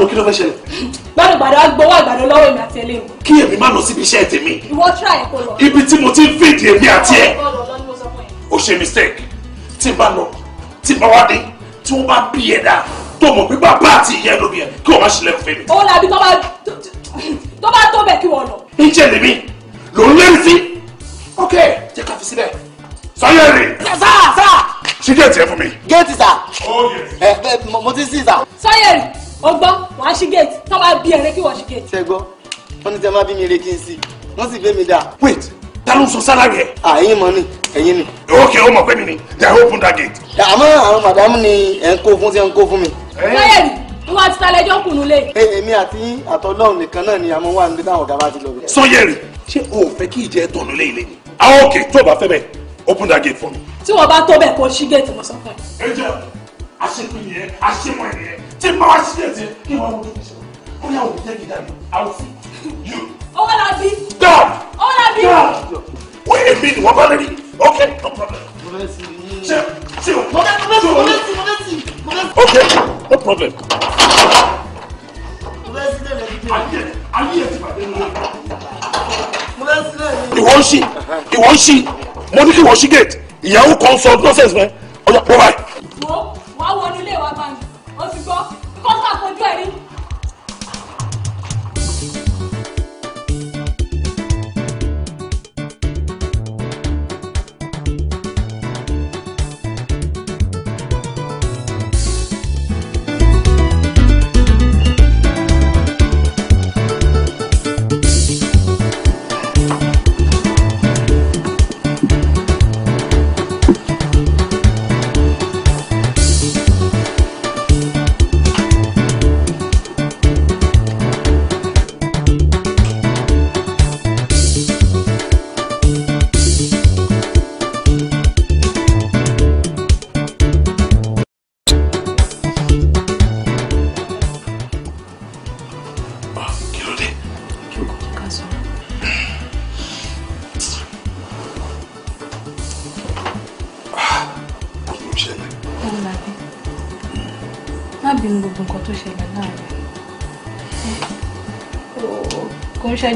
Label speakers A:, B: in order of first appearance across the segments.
A: lọ kí ló fẹ́ ṣẹlẹ̀. gbàdúgbàdú agbowó àgbàdo lọ́wọ́ èmi àti ẹlẹ́mu. kí èmi má lọ síbi iṣẹ́ tèmi.
B: ìwọ tíra ẹ̀ kó lọ.
A: ibi tí mo ti ń fèdè èmi àti ẹ̀. ó ṣe mistake tí n bá lọ tí n bá wá dé tí wọ́n bá bí ẹ̀ dá tó mọ̀ pé bàbá àti ìyá ẹ̀ ló bí ẹ̀ kí wọ́n má ṣe lẹ́nu fẹ́ mi.
C: ó làbí
D: tó bá bí ẹrẹ kí wọ́n ṣe kéèké. ṣe gbọ́ wọ́n ní tẹ́ máa bí mi re kí n sí wọ́n sì gbé mi dà. wait ta ló ń sọ sálárì ẹ. àyìn mọ ni ẹ̀yin ni. ok o mọ̀ pé mi ni they open that gate. àmọ́ àwọn màdámù ni ẹ̀ ń kó fún tí ẹ̀ ń kó fún
A: mi. báyẹ̀
D: ni wọn ti talẹ̀ ẹjọ́ kùnú lé. èmi àti àtọ́lọ́run nìkan náà ni a mọ wà níbi
A: táwọn ọ̀gá bá ti lọ. sọyẹrì ṣé o ò fẹ́ kí ìjẹ́ tọ̀nù lé ilé ni. ah ok tó o bá fẹ́ bẹ́ẹ̀ open that gate for me. tí wọn bá tó bẹ́ẹ̀ kó ṣí gate mọ sọkàn. ẹ jẹ́ àṣepin yẹn àṣemọ yẹn tí mo wá ṣí gate yẹn kí wọ́n ó yà wò jẹ́ kìdá mi àwùjọ
C: yìí. ọwọ́ la bí. dọ́ọ̀ ọwọ́ la bí. dọ́ọ̀
A: wọ́n yẹ mi ni wọ́n bá lè no problem. Chill, chill. o mọ ṣe
C: o mọ no problem.
D: ayé ẹ ti bàjẹ́ nínú.
A: ìwọ ń ṣí ìwọ ń ṣí mo ní kí ìwọ gate ìyàwó kan sọ nonsense mẹ ọjà pọ̀ báyìí.
B: wo wàá wọnú ilé wa báyìí
C: o ti gbọ́ kọ́ńtà kojú ẹ̀rí.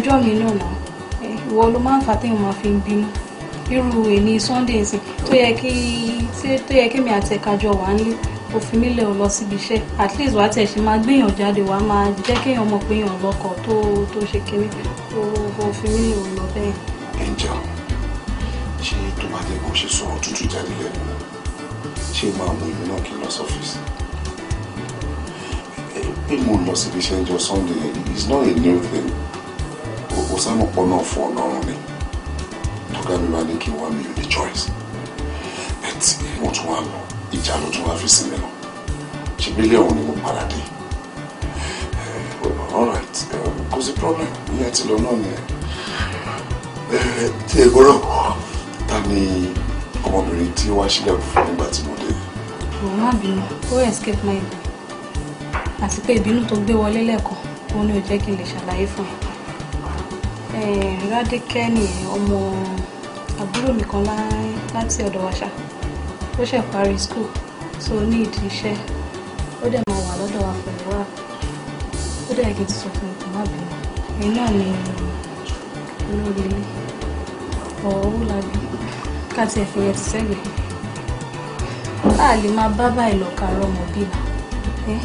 B: ọjọ́ mi náà nà ìwọ ló máa ń fà téèyàn máa fi ń bínú irú èmi Sunday nsìn tó yẹ kí tó yẹ kí mi àti ẹ̀ka jọ wà nílé òfin nílẹ̀ ò lọ síbi iṣẹ́ at least wàá tẹ̀ ṣe máa gbéyàn jáde wàá máa jẹ́ kéèyàn mọ̀ pé èèyàn lọ́kọ tó tó ṣe kéré òfin nílẹ̀ ò lọ bẹ́ẹ̀.
A: ẹ jẹ́ ṣé tó bá dé kó ṣe sọ òtútù jáde lẹ́nu ṣé máa mú ìlú náà kí n lọ sọ́fíìsì pé mo lọ síbi iṣẹ́ ìjọ Sunday is not a new thing mo sábà pọ̀ náà fún ọlọ́run ni tọ́gá mi máa ní kí n wá mi choice bẹ́ẹ̀ tí mo tún wá lọ ìjà a tún wá fi sílẹ̀ lọ ṣe bílẹ̀ òun ni mo padà dé eh, alright eh, kò sí problem ìyẹn ti lọ náà nìyẹn tí ègbó rẹ̀ ta ni ọmọbìnrin tí wàá sílẹ̀ fún nígbà tí mo dé.
B: òun má bínú ó escape my brain àti pé ìbínú tó gbé wọlé lẹ́ẹ̀kan òun ni ò jẹ́ kí n Ládékẹ́ eh, ni ọmọ àbúrò mi kan láti ọ̀dọ̀ wa ṣá ó ṣẹ̀ parí school so ó ní ìdí iṣẹ́ ó dẹ̀ máa wà lọ́dọ̀ wa pẹ̀lú wa ó dẹ̀ kí n ti sọ fún un kò má bínú èyí náà ni olórí ilé ọ̀ọ́wó làbí káti ẹ̀fẹ̀ yẹn ti sẹ́gbẹ̀ẹ́ a lè máa bá báyìí lọ kàárọ̀ ọmọ bíi náà eh,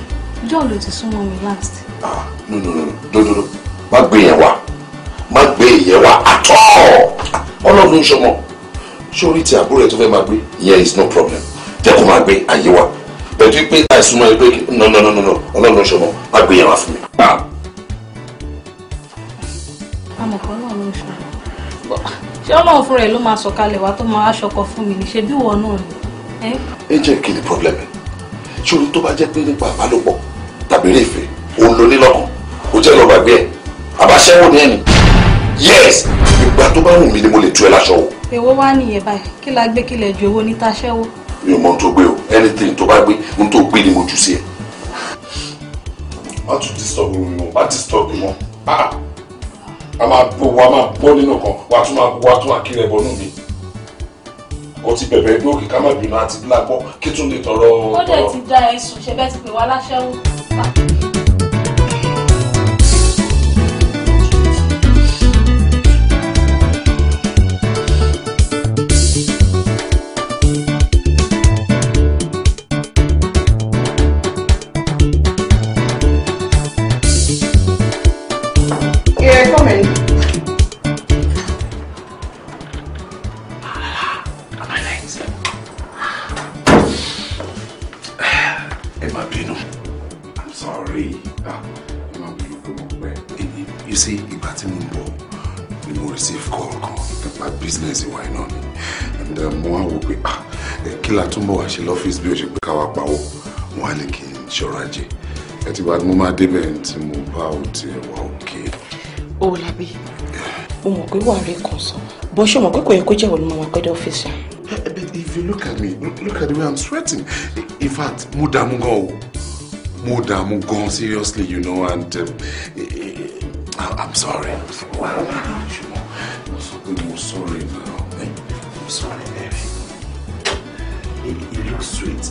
B: John ló ti súnmọ́ mi last. Ah,
A: no no no no no no má gbé yẹn wá. ọlọ́run ló ń ṣọmọ sórí ti àbúrò ẹ̀ tó fẹ́ máa gbé ìyẹn is no problem jẹ́ kó máa gbé ayé wa pẹ̀lú pé àìsùnmọ́ ẹ pé no no no no no. ọlọ́run ló ń ṣọmọ má gbé yẹn wá fún mi. Ah.
B: amọ̀kọ́ náà ló ń ṣọmọ ṣé ọlọ́run fúnra ẹ̀ ló máa sọ̀kalẹ̀ wá tó máa aṣọkọ fún mi ní ṣe bí ìwọ náà ni.
A: ẹ jẹ́ kí ni problem ẹ̀ ṣòro tó bá jẹ́ pé nípa àbálòpọ̀ tàbí eré ìfẹ́ òun ló ní lọ́kàn ó jẹ́ lọ́ọ́ gbàgbé ẹ̀ àbáṣẹ́wò ní ẹ̀nì yes ìgbà tó bá wù mí ni mo lè tú ẹ láṣọ o.
B: èwo wá nìyẹn báyìí kí la gbé kí lẹ ju owó níta ṣẹ́wó.
A: mi ò mọ tó gbé o anything tó bá gbé ohun tó gbé ni mo jù sí ẹ. má tún disturb mi mọ́ má disturb mi mọ́ ah, a máa bọ̀ wa máa bọ́ nínú kan wa tún máa wa tún àkírẹ̀ bọ́nú mi o ti bẹ̀bẹ̀ ẹgbẹ́ òkè ká má bínú àti lágbọ́ kí tún lè tọrọ. ó dẹ̀ ti
B: da ẹ̀sùn ṣe bẹ́ẹ̀ ti pè wá láṣẹ́wó.
A: débẹ̀ tí mo bá ò tiẹ̀ wá òkè.
C: Owólabí o mọ̀ pé wàá rí kan sọ bó ṣe mọ̀ pé kò yẹ kó jẹ́ òun máa wá dé ọ́fíìsì. Eh,
A: eh, but if you look at me look at the way I'm sweating in fact mo dààmú gan o mo dààmú gan seriously you know and um, eh, I'm sorry. I'm má lọ sorry now I'm sorry baby
C: You look looks sweet.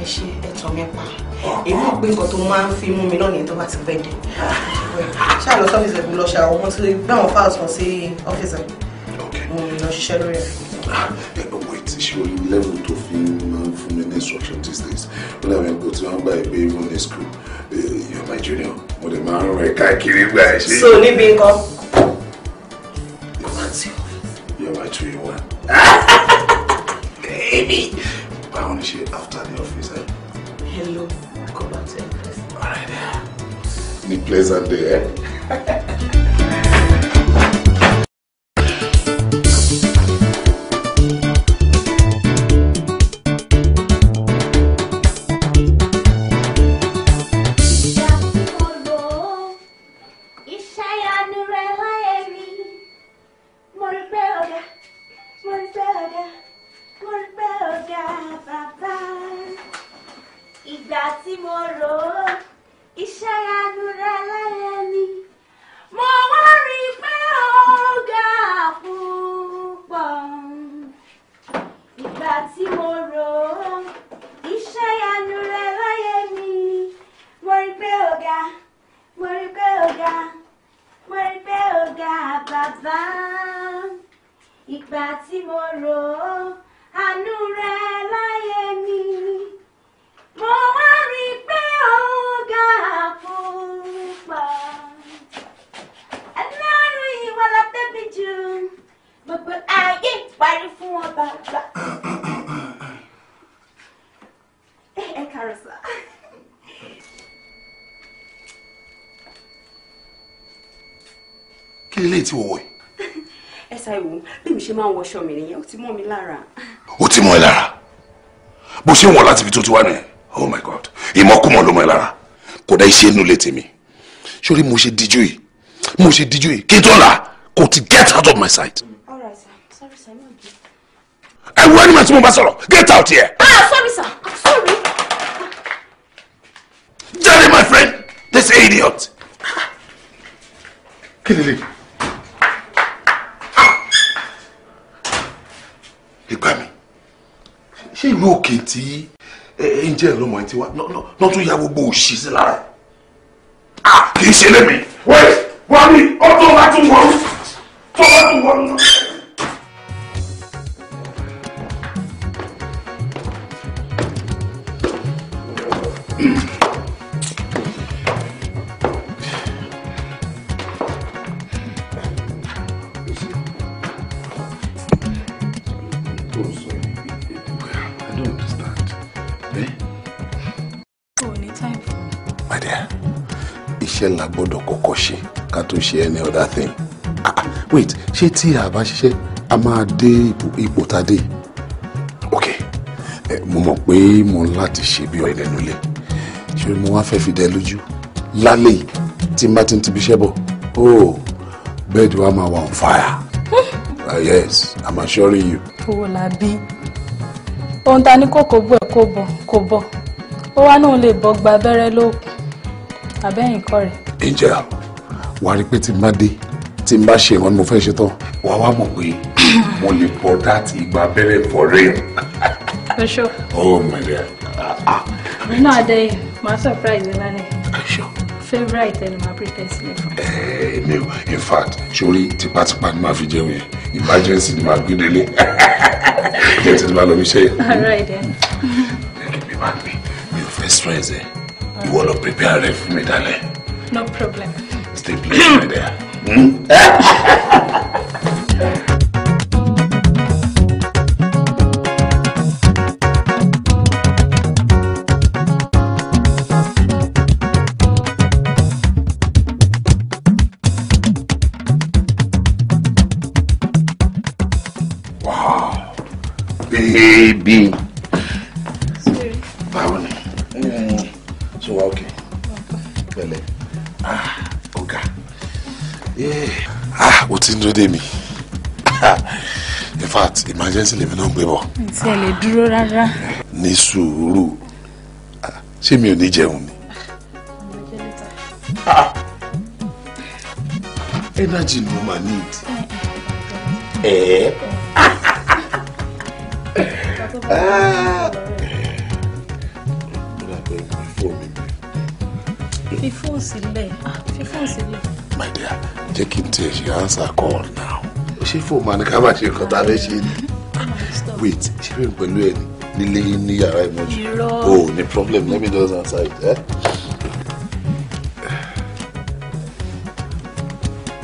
C: ẹ ṣe ẹ̀tọ́ mẹ́pa. Eh? èmi ò pé nǹkan tó máa ń fi mú mi náà nìyẹn tó bá ti bẹ́ẹ̀ dé ṣáà lọ sọ́fíìsì ẹ̀kú lọ ṣe àwọn ọmọ tó gbé àwọn fáwọn sàn sí ọ́fíìsì mo lọ ṣiṣẹ́ lórí ẹ̀.
A: wait ṣé o level tó fi máa ń fún mi ní instruction these days wọ́n dàbí ẹgbẹ́ tí wọ́n gbà ẹ pé even in school eh, you're my junior mo dẹ̀ máa ń rìn káàkiri gbà ẹ ṣe. so níbi nǹkan. kọ́má tí o. you're my two one. baby báwo ni ṣe after the office. Eh? hello. All right. Then. Need pleasant
E: day, eh?
A: tí wò wọ̀ ẹ́.
C: ẹ ṣáà ìwò bí mi ṣe máa ń wọṣọ mi nìyẹn ó ti mọ́ mi lára.
A: ó ti mọ́ ẹ lára bó ṣe ń wọ̀ láti ibi tó ti wá nìyẹn oh my god ìmọ̀kùmọ̀ ló mọ́ ẹ lára kò dá iṣẹ́ inú ilé tèmi sórí mo ṣe díjú yìí mo ṣe díjú yìí kí n tó là kò ti get out of my sight. all right sorry sir no be. ẹ wo ẹni mà tí mo bá sọ̀rọ̀ get out here.
C: ah sorry sir i'm sorry.
A: Jerry my friend this idiot. Ah. kí ṣé ìlú òkè tí angel ló mọ̀ ẹ́ ti wá náà tún ya gbogbo òṣì sí lára a ah, kì í ṣe lémi wẹ́ẹ̀ wọ́n ní
C: ọdún wa tún wọ́n tó wọ́n tún wọ́n
A: gbọ́dọ̀ kọ́kọ́ ṣe ká tó ṣe any other thing ah, ah wait ṣé tí a bá ṣiṣẹ́ a máa dé ipò tá a dé ok mo mọ̀ pé mo ń láti ṣe bí ọ̀rẹ́ lẹ́nu lé ṣé mo wá fẹ́ fi dẹ lójú lálẹ́ tí n bá ti ń tibi iṣẹ́ bọ̀ oh bẹ́ẹ̀dì wa máa wà on fire uh, yes i'm assuring you.
B: owó la bí ohun ta ní kókó bú ẹ kó bọ kó bọ ó wá náà lè bọ gba abẹ́rẹ́ lóògùn abẹ́yìn kọ́ rẹ̀
A: angel wàá rí pé tí n bá dé tí n bá ṣe ìran ni mo fẹ́ ṣe tán wàá wá mọ̀ pé mo lè pọ̀ dáàtì ìgbà abẹ́rẹ́ for real. for sure. oh my dear.
B: nínú adé yìí màá surprise mi lálẹ́. sure. favourite ẹni màá prepare sílẹ̀ fún.
A: ẹ mi in fact sórí tipátipá ni màá fi jẹun yẹn emergency ni màá gbé délé jẹ́ tí ni màá lọ bí ṣe. all
B: right then. ẹ kí mi máa gbé
A: mi ò fẹ́ stress ẹ ìwọ lọ prepare rẹ fún mi dálẹ́.
B: No problem.
A: Stay please, my dear. baby. emergency lèmi náà gbé bọ̀.
B: ǹtí lè dúró rárá.
A: ní sùúrù ṣé mi ò ní jẹun ni. Ah! energy ni mo máa need. ẹ̀ẹ́.
B: fífún sílẹ̀ my dear
A: jẹ́ kí n tiẹ̀ ṣe answer call now. ṣé fóònù àníkàmà ṣe nǹkan tá a fẹ́ ṣe ni wait ṣé bí pẹ̀lú ẹ nílé ní yàrá ìmọ̀jú oh ni problem let me just outside. Eh?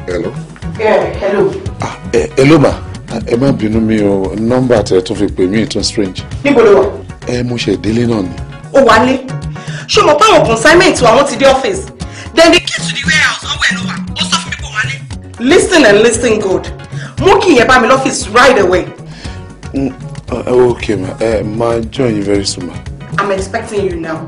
A: hello.
C: yeah hello.
A: ah eh, hello ma ah, ẹ má bínú mi o nọ́mbà tẹ tó fi pè mí tún strange. níbo ló wà. ẹ eh, mo ṣe délé náà ni.
C: ó wà lé ṣé o mọ̀ pé àwọn consignment wa wọ́n ti dé ọ́fíìsì then the key to the warehouse ọwọ́ ẹ̀ ló wà ó sọ fún mi pé wà lé. listen and listen good mú kí ìyẹn bá mi lọ́fíìsì right away.
A: Mm, Eh, okay, ma. Uh, ma, join you very soon, ma.
C: I'm expecting you now.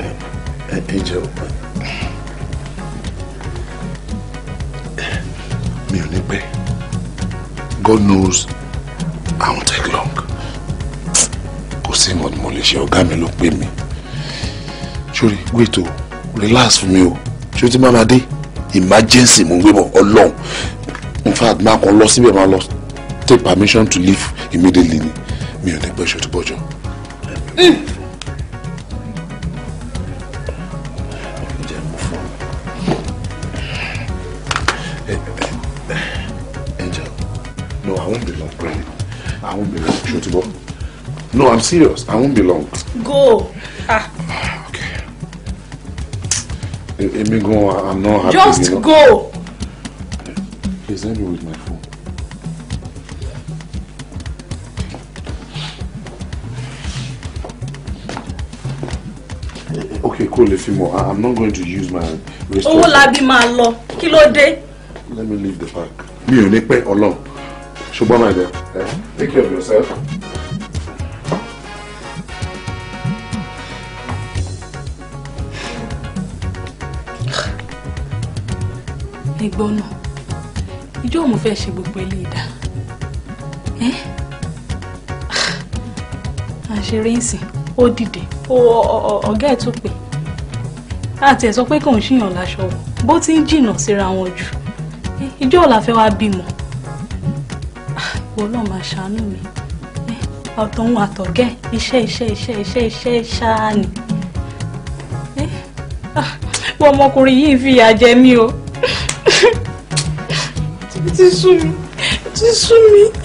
A: Eh, Angel, mi ò ní God knows I won't take long. Kò sí ìmọ̀ tí mo lè ṣe ọ̀gá mi sori wait o relax fún mi o ṣé o ti máa ma dé emergency mo ń gbé bọ̀ ọlọ́run in fact máa kàn lọ síbẹ̀ máa lọ take permission to leave immediately ni mi ò ní pẹ́ ṣe tó bọ́jọ́. I won't be long. No, I'm serious. I won't be long. Go. Emi gan, I'm not happy. Just you know? go. Please help me with my phone. Okay, cool, Efimo. I'm not going to use my wristwatch. Owó labi
B: malo. lọ. Kí Let
A: me leave the park. Mi ò ní pay ọlọ́run. Ṣùgbọ́n my there. Eh, take care of yourself.
B: gbọ́ náà ìjọ òun fẹ́ ṣe gbogbo ilé ìdá àṣeré ìsìn ó dìde ọ̀gá ẹ̀ tó pè àti ẹ̀ sọ pé kò ń ṣìyàn láṣọ wọ̀ bó ti ń jìnnà síra wọn jù ìjọ ọ̀la fẹ́ wá bímọ ìwọ náà máa ṣàánú mi àtọ̀hún àtọ̀gẹ́ iṣẹ́ iṣẹ́ iṣẹ́ iṣẹ́ iṣẹ́ ṣáá ni wọ́n ọmọkùnrin yìí ń fìyà jẹ mí o ti sú mi ti sú mi.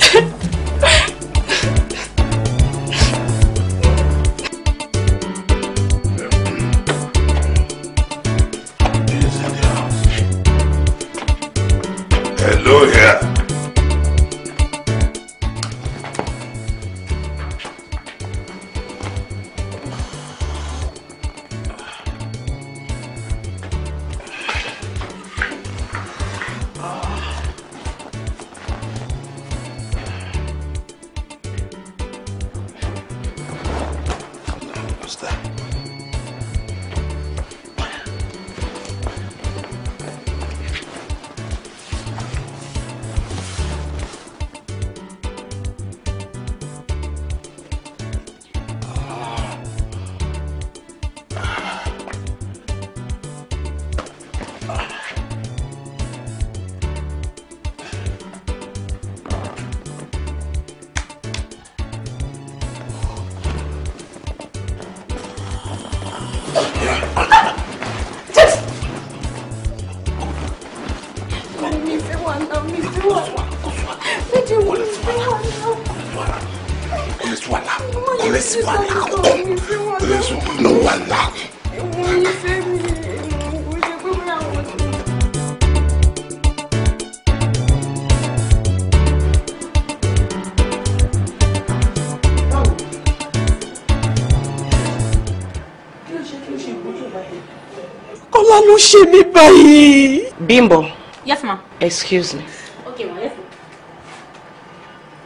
C: ṣe mí báyìí. Bimbo. yes ma. excuse me. okay ma yes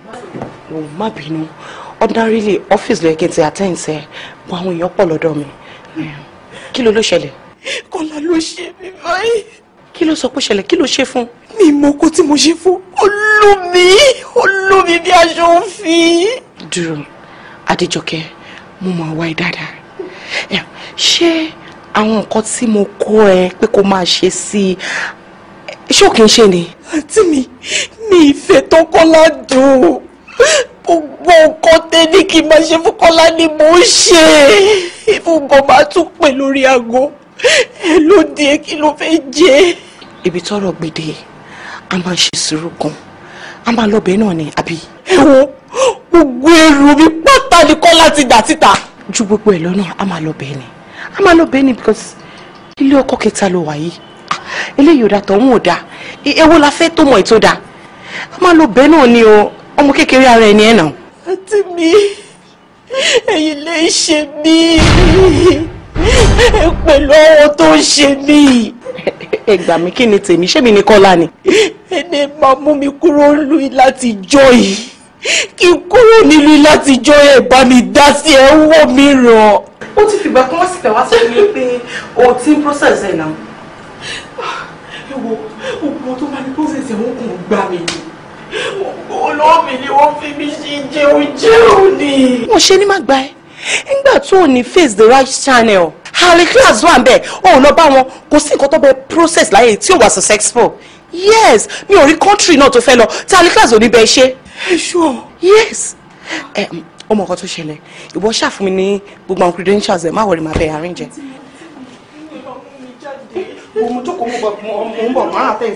C: ma. o má ordinarily office ló yẹ kí attend sẹ but when èèyàn pọ̀ lọ́dọ̀ kilo ehm, kí ló ló ṣẹlẹ̀. Kọ́lá ló ṣe mí báyìí. kí ló sọ pé ṣẹlẹ̀ kí ló ṣe fún. mi mọ oko tí mo ṣe fún olómi olómi bí mo mọ̀ ọ́ wáyé dáadáa ehm, àwọn nǹkan tí mo kọ́ ẹ pé kó máa ṣe sí i ṣó kí n ṣe ni. àǹtí mi mi ìfẹ́ tó kọ́lá dùn gbogbo nǹkan tẹ́lẹ̀ kí n máa ṣe fún kọ́lá ni mo ń ṣe ìfúngàn máa tún pè lórí aago ẹ ló dé kí ló fẹ́ jẹ́. ibi tọ́rọ̀ gbèdé a máa ṣe sùúrù gan a máa lọ bẹ́ẹ̀ náà ni àbí. ẹ wo gbogbo èrò mi pátá ni kọ́lá ti dà síta. ju gbogbo ẹ̀ lọ́nà a máa lọ bẹ́ẹ̀ ni a máa lọ bẹ́ẹ̀ ni because ilé ọkọ kẹta ló wà yìí eléyìí ò dáa tọ̀hún ò dáa èwo la fẹ́ tó mọ̀ ètò dáa a máa lọ bẹ́ẹ̀ náà ni o ọmọ kékeré ara ẹni ẹ̀ nà. àti mi ẹ̀yin lè ṣe mí pẹ̀lú ọwọ́ tó ń ṣe mí. ẹ gbà mí kí ni tèmi ṣé mi ní kọ́lá ni. ẹni máa mú mi kúrò lù láti jọ yìí kí n kúrò nílùú látijọ́ ẹ̀ bá mi dá sí ẹ̀ ń wọ̀ mí ràn. ó ti fìgbà kan wọ́n sì tẹ̀ wá sọ mi pé o ti ń process ẹ̀ náà. Ah, ẹ wo oògùn tó bá ní process ẹ̀ wọ́n kàn gbà mí ni olómi ni wọ́n fi mí ṣe jẹun jẹun ni. mo ṣe ní má gba ẹ nígbà tó o ní face the right channel harry class wà bẹ́ẹ̀ òun lọ bá wọn kò sí nǹkan tó bẹ process láyé tí ò wà successful yes mi ò rí country náà tó fẹ́ lọ tí harry class ò ní bẹ́ẹ̀ ṣe ẹ ṣọ. yes um, ọmọ nǹkan tó ṣẹlẹ̀ ìwọ ṣàfún mi ní gbogbo àwọn credentials ẹ̀ má wọrí máa bẹ àárín jẹ. mo mú jókòó mo bọ̀ mo ń bọ̀ máa tẹ̀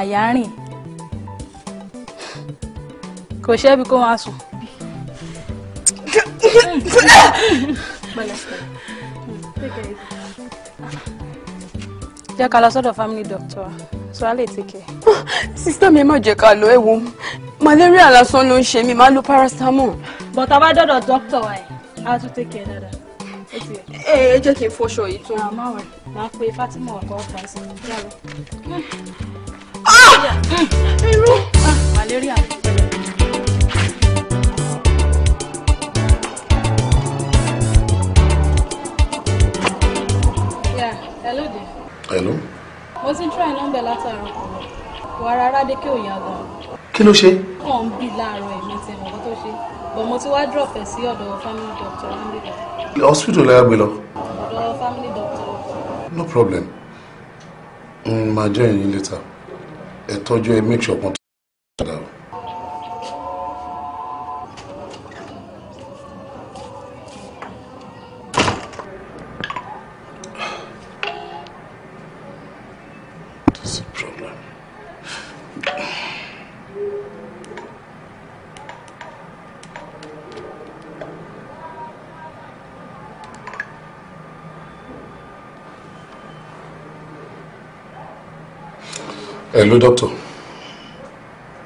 B: àyà rìn kò ṣẹ́bi kó máa sùn. jẹ́ ká lọ sọ́dọ̀ family doctor so a lè tẹ̀kẹ́. sísítà mi má jẹ́ ká lọ ẹ̀wọ̀n malaria lásán ló ń ṣe mí máa lo paracetamol. bọ̀tà bá dọ̀dọ̀ dókítà wa ẹ̀ á tún tẹ̀kẹ́ dáadáa. ẹ ẹ jẹ́ kí n fọṣọ yìí tún. Ah, màá pe Fatima ọ̀gá ọ̀gá sí i irú. malaria. Yeah, hello there. hello. mo ti ń try nọ́mbẹ̀ látàárọ̀ wà rárá dé kí ò yá gan. kí ló ṣe. kàn ń bì láàárọ̀ ẹ̀mí tí mo tó ṣe bọ̀ mo ti wá drop ẹ̀ sí ọ̀dọ̀ family doctor wambila.
A: hospital lẹ́yà gbé lọ.
B: ọ̀dọ̀ family doctor.
A: no problem. Mm, máa jẹ́ ẹ̀yìn later ẹ tọ́jú ẹ make sure kan tó ń padà o. hello doctor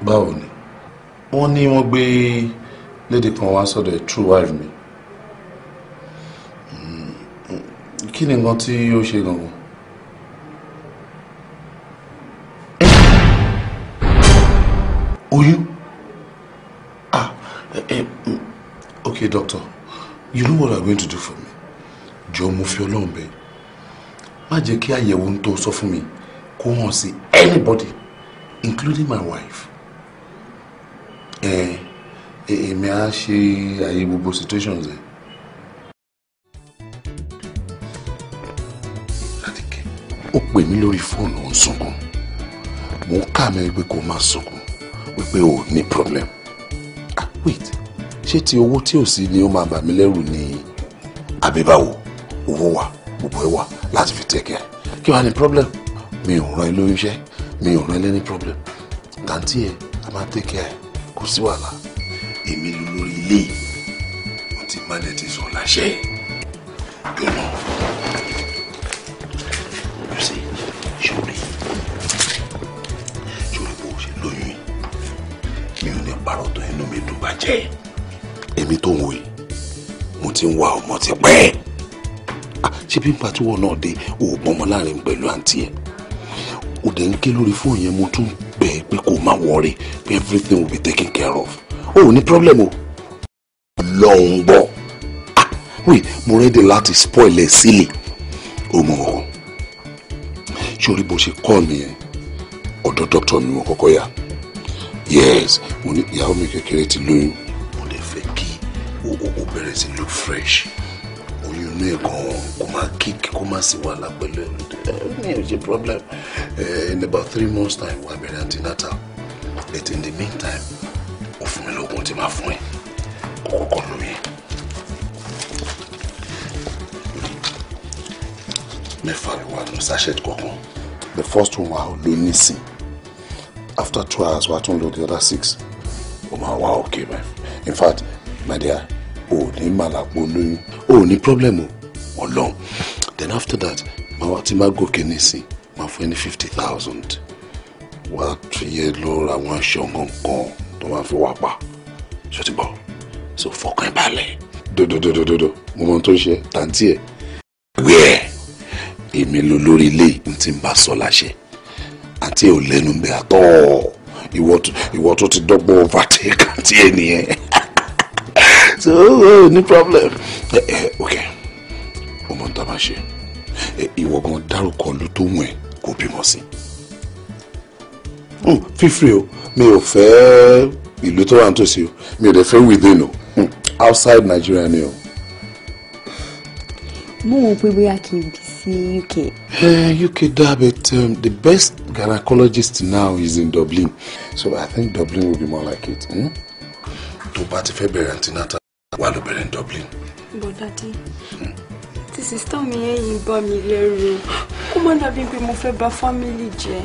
A: báwo ni wọ́n ní wọ́n gbé léde kan wá sọ́dọ̀ ẹ̀ true wife mi hmm, kí ni nǹkan tí ó ṣe gangan. oyún ah eh, eh, hmm, okay doctor you know what i'm going to do for me jọ̀ọ́ mo fi Ọlọ́run bẹ̀ má jẹ́ kí àyẹ̀wò ń tó sọ fún mi kó hàn see anybody including my wife Eh, eh, eh. àyè gbogbo situations ẹ. Ládìkẹ́ ó pè mí lórí Milori phone on sunkún mo ń kà mí wípé kó má sunkún wípé problem ah wait She ti owó tí ò sí ni ó máa bà mí lẹ́rù ni àbí báwo owó wa. gbogbo ẹ wà láti fi tẹ̀ kẹ́ kí wàá problem mi ò ràn ẹ́ lórí iṣẹ́ mi ò ràn ẹ́ lẹ́ni problem tàǹtí ẹ̀ a máa take care ẹ̀ kò sí wàhálà èmi lórí ilé mo ti má dẹ̀ ti sọ láṣẹ gbẹmọ you see sori sori bó ṣe lóyún yìí mi ò ní parọ́ tó inú mi dùn bàjẹ́ èmi tó ń wò mo ti ń wá ọmọ ti pẹ́ ah, ṣé bí n bá náà dé oògùn ọmọ láàrin pẹ̀lú àǹtí ẹ̀ o dẹ̀ ń ké lórí fóònù yẹn mo tún bẹ̀ ẹ́ pé kó má wọrí pé everything will be taken care of o ò ní problem o. lọ́hùn gbọ́ ah, wait mo ready láti spoil ẹ̀ sílẹ̀ o mọ̀ ọ́ sórí bó ṣe kọ́ mi yẹn ọ̀dọ̀ dọ́kítọ̀ mi mo kọ́kọ́ yà yes mo ní ìyàwó mi kékeré ti lóyún mo lè fẹ́ kí o bẹ̀rẹ̀ sí look fresh inú ẹ̀kan wọn máa kíkì kó máa sì wàhálà pẹ̀lú ẹ̀ ní ìṣe problem eh, in about three months time wà bẹ̀rẹ̀ antenatal but in the meantime ó fún mi lóògùn tí máa fún ẹ kó kọ́kọ́ lóye. mẹ́fà ló wà ní sachet kọ̀ọ̀kan the first one wà ló ní sìn after two hours wà tún lò the other six ó máa wà okay man in fact my dear o ò ní màlàpọ̀ lóyún o ò ní problem o then after that ma wá tí máa gòkè nísìn máa fún ẹ ní fifty thousand wàá tún yẹ lọ ra àwọn aṣọ kankan tó máa fi wá pa ṣó ti bọ̀ so fọkàn ẹ balẹ̀ dododododo mo mọ tó ń ṣe tàǹtí ẹ wíẹ̀ èmi ló lórí ilé ìpín tí ń bá sọ láṣẹ àti ò lẹ́nu bẹ́ẹ̀ àtọ́ ìwọ tó ti dọ́gbọ́n overtake àti ẹ̀ nìyẹn. so oh, ní problem. ẹ eh, ẹ eh, ok ọmọ tá a máa ṣe eh, ìwọ gan dárúkọ lu tó wù ẹ kó bímọ sí hmm, fífi o mi ò fẹ́ ìlú tó wà nítòsí o mi ò dẹ̀ fẹ́ within o hmm, outside Nigeria ni o.
C: mo mọ̀ pé bóyá kì í bí sí UK.
A: Uh, UK da but um, the best gynecologist now is in Dublin so I think Dublin will be more like it. Hmm? tó bá ti fẹ́ bẹ̀rẹ̀ antenatal wà ló bẹ̀rẹ̀ ní Dublin.
C: bọ́dádì tí sísítà mi yẹn yìí bá mi lẹ́rù ó má dàbí pé mo fẹ́ ba fámìlì jẹ́.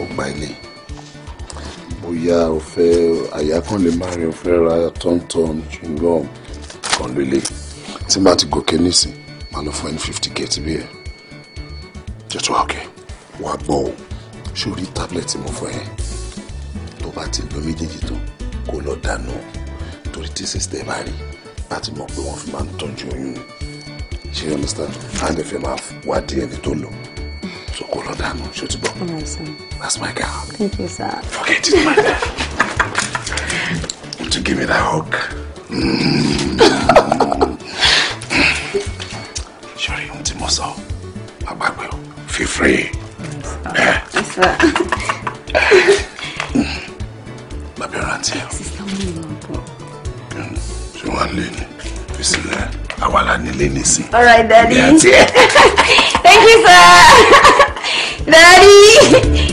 A: ó gba ilé bóyá o fẹ́ àyà kan lè má rìn o fẹ́ ra tọ́ntọ́n chewing-gum kan lélẹ̀ tí bá ti gòkè nísìn máa lọ fún ẹni fifty gẹ̀ẹ́tì bí ẹ̀ jẹ́tọ́ àkẹ́ wàá gbọ́ o ṣé o rí tábìlẹ̀tì mo fọ ẹ tó bá ti lọ méjèèjì tán kó lọ dànù torí tí sísítẹ́ bá rí a ti mọ̀ pé wọ́n fi máa ń tọ́jú oyún ṣe you understand and if ẹ máa wá dé ẹni tó lọ so kó lọ dànù ṣó ti bọ̀ that's my girl thank you sir forget it my girl to give me that hug. Sorry, mm. ohun tí mo sọ, má gbàgbé o, feel free. Yes, sir. Eh? tàbí rántí. ṣé wàá lé ní bisimilá all
C: right daddy thank you sir daddy.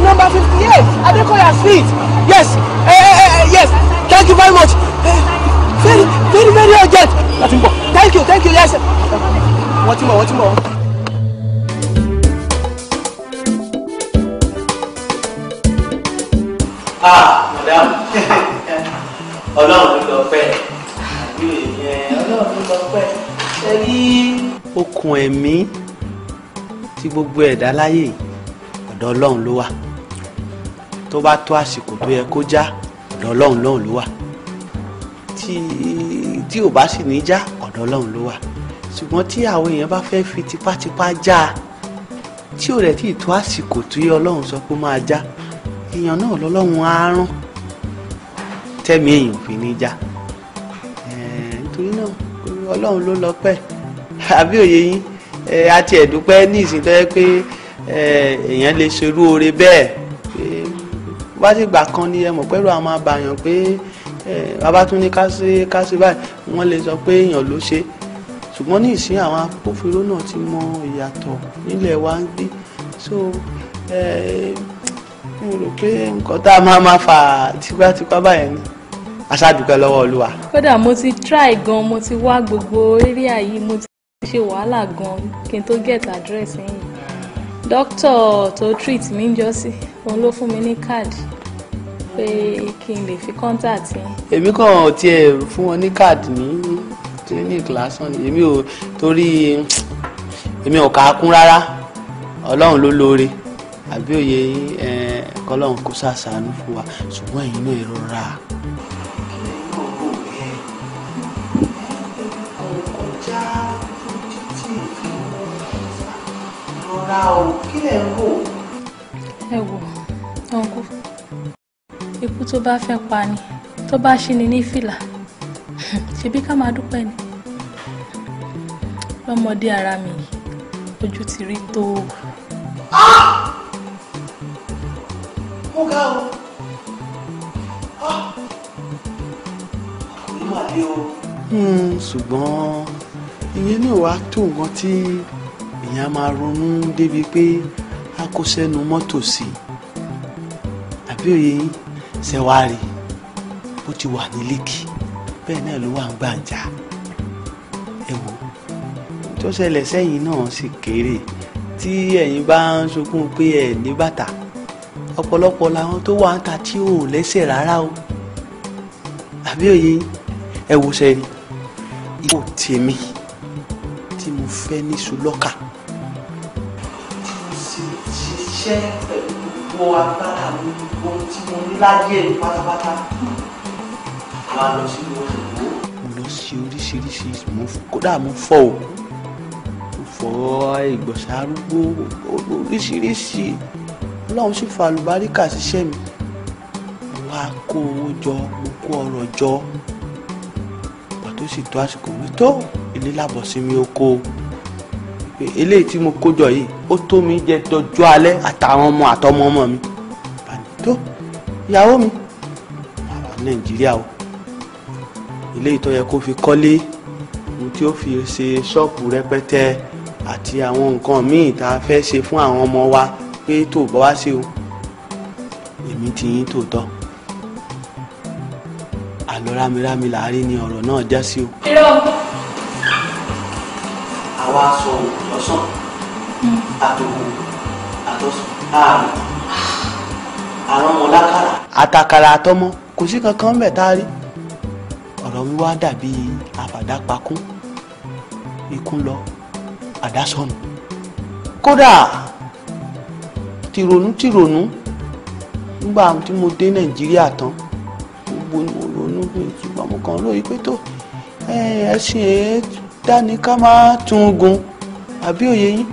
C: number fifty eight Adekoya street yes ẹ ẹ ẹ yes thank you very much eh, very very very urgent láti bọ̀ thank you thank you yes wọ́n more. mọ̀ more. ti mọ̀.
E: ah madam ọlọ́run ló fẹ́ ọlọ́run ló fẹ́ ẹ rí. okùn ẹ̀mí tí gbogbo ẹ̀dá láyè yìí ọ̀dọ̀ ọlọ́run ló wà tó bá tó àsìkò tó yẹ kó já ọ̀dọ̀ ọlọ́run lọ́hùn ló wà tí ò bá sì ní já ọ̀dọ̀ ọlọ́run ló wà ṣùgbọ́n tí àwọn èèyàn bá fẹ́ fi tipátipá já a tí ò rẹ̀ tí ì tó àsìkò tó yẹ ọlọ́run sọ pé máa já èèyàn náà lọ́lọ́run á rán tẹ́mi èèyàn fi ní já nítorí náà ọlọ́run ló lọ pẹ́ àbí òye yín àti ẹ̀dúpẹ́ ní ìsìn tó yẹ pé èèyàn lè ṣerú oore bẹ́ẹ̀ pé bá sì gbà kan ni ẹ mọ̀ pẹ́lú àwọn abàyàn pé bàbá tún ní ká ṣe báyìí wọ́n lè sọ pé èèyàn ló ṣe ṣùgbọ́n ní ìsín àwọn agbófinró náà ti mọ ìyàtọ̀ nílẹ̀ wa ń gbé so mo rò pé nǹkan tá a máa máa fà tipátipá báyẹn ni aṣáàdùpẹ́ lọ́wọ́ olúwa.
B: kódà mo ti try gan mo ti wá gbogbo area yìí mo ti ṣe wàhálà gan kí n tó get address yẹn dókítà tó treat mi jọ sí òun ló fún mi ní káàdì pé kí n lè fi contact yín.
E: èmi kàn tiẹ̀ fún wọn ní káàdì ní clinic lásán ni èmi ò torí èmi ò kà á kún rárá ọlọ́run ló lóore àbí òye ẹ̀ kọ́lọ́run kó sàṣàánú fún wa ṣùgbọ́n ẹ̀yin náà ẹ rárá o kí lẹ̀ ń rò.
B: ẹ wò ọ̀nkú ikú tó bá fẹ́ pa ni tó bá ṣí ni ní fìlà ṣebí ká máa dúpẹ́ ni lọ́mọdé ara mi ojú ti rí tó. Ah!
E: mo ga o ah! kò ní màlẹ́ o. Hmm, ṣùgbọ́n ìyẹn náà wàá tó nǹkan tí èèyàn máa ronú débi pé a kó sẹ́nu mọ́tò sí i àbí òye yín ṣe wá rí bó ti wà ní líkì bẹ́ẹ̀ náà ló wà ń gbàǹjà ẹ wò tó ṣẹlẹ̀ sẹ́yìn náà sì kéré tí ẹ̀yin bá ń sunkún pé ẹ̀ ní bàtà ọ̀pọ̀lọpọ̀ làwọn tó wà ń ta tí ò lẹ́sẹ̀ rárá o àbí òye ẹ wò sẹ́yìn ipò tèmi tí mo fẹ́ ní sùlọ́kà ṣiṣẹ́ pẹ̀lú gbogbo agbára mi gbogbo ohun tí mo ní láyé mi pátápátá wá lọ sí ìlú òyìnbó. mo lọ ṣe oríṣiríṣi kódà mo fọ o mo fọ ìgbọ̀nsá arúgbó oríṣiríṣi ọlọ́run sì fa àlùbáríkà ṣiṣẹ́ mi mo wá kó owó jọ mo kó ọrọ̀ jọ pàtó tó àsìkò mi tó ilé làbọ̀ sí mi ó kó o pé eléyìí tí mo kójọ yìí ó tó mi jẹ dọjú alẹ́ àtàwọn ọmọ àtọmọ ọmọ mi bàní tó ìyàwó mi àwa nàìjíríà o eléyìí tó yẹ kó fi kọ́lé ohun tí ó fi ṣe ṣọ́ọ̀pù rẹpẹtẹ àti àwọn nǹkan míì tá a fẹ́ ṣe fún àwọn ọmọ wa pé tó bá wá sí o èmi ti yín tòótọ́ àlọ́ rámirámi làárín ni ọ̀rọ̀ náà já sí o. àwa sọ̀rọ̀ àtòkù àtọ̀sùn ààrùn àwọn ọmọ lákàrà. àtàkàrà àtọmọ kò sí kankan ń bẹ̀ tá a rí ọ̀rọ̀ mi wá dàbí àbàdà pakún ikú lọ àdá sọnù kódà tìrònú tìrònú nígbà tí mo dé nàìjíríà tán gbogbo mo ronú pé ṣùgbọ́n mo kàn lóye pé tó ẹ̀sìn ẹ̀ dání ká má tún un gun àbí òye yín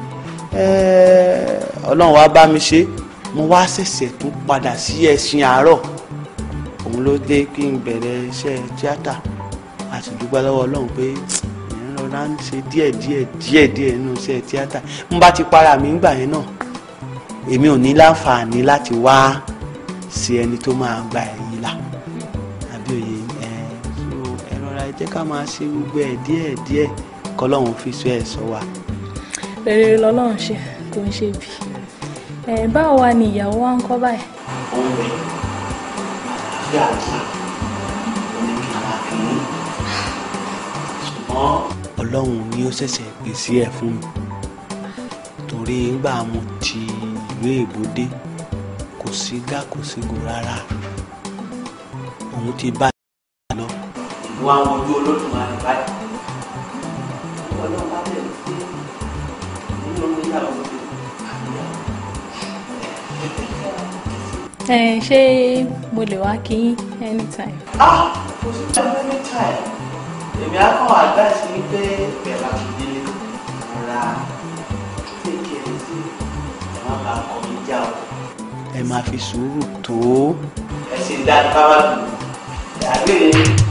E: Eh, ọlọ́run wá bá mi ṣe mo wá ṣẹ̀ṣẹ̀ tún padà sí ẹ̀sìn àárọ̀ òun ló dé kí n bẹ̀rẹ̀ iṣẹ́ tíátà àti dúpẹ́ lọ́wọ́ ọlọ́run pé ìrora ń ṣe díẹ̀ díẹ̀ díẹ̀ díẹ̀ nínú iṣẹ́ tíátà n bá ti para mi nígbà yẹn náà èmi ò ní láǹfààní láti wá sí ẹni tó máa gba ẹ̀yìn là àbí òye ẹ̀ eh, ẹ̀rọ ra ẹ jẹ́ ká máa ṣe gbogbo ẹ̀ díẹ̀ díẹ̀ kọ́lọ́run fi sọ ẹ̀ sọ wa
B: rere lọ́lọ́run ṣe kò ń ṣe bí ẹ báwo wá ni ìyàwó wa ń kọ́ báyìí.
E: ó ń bẹ ìyá àti omi ọlọ́run ni ó ṣẹ̀ṣẹ̀ pèsè ẹ̀ fún mi torí ńgbà mo ti ìwé ìbòdé kò sí gá kò sí gò rárá òun ti bá a lọ. ìwà àwọn ojú olódùmarè báyìí.
B: ṣé mo lè wá kí anytime.
E: ah kò sí time anytime èmi á kàn advice yín pé bẹ̀rẹ̀ àti délé ra take it easy ẹ má bàa kọ́ mi já o. ẹ máa fi sùúrù tó. ẹ sì ń dá ní bábà tó dàgbére.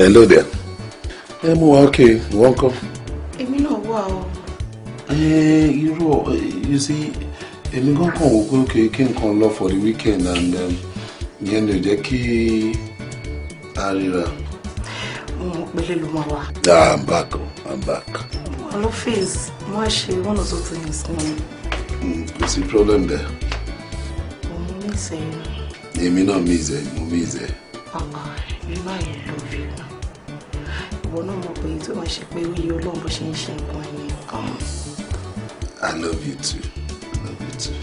A: hello there ẹ mú wa ókè wọ́n kọ́.
C: èmi náà wà o.
A: irú you see èmi gan kàn wò pé ókè kí n kàn lọ for the weekend and um, ìyẹn lè jẹ́ kí a ríra.
C: mo pẹ̀lẹ́ ló máa wà.
A: ah i'm back i'm back.
C: olófíìs mo á ṣe one or two things ní.
A: Hmm, kò sí problem there.
C: mo mí ìsẹ̀yìn.
A: èmi náà mí ìsẹ̀yìn mo mí ìsẹ̀yìn. bàbá ìrìnà yìí ló fi kàn
C: ìwọ náà mọ̀ pé tí wọ́n ṣe pé oyè ọlọ́run bó ṣe ń ṣe nǹkan ẹ̀yìn. I love you too.
A: I love you too.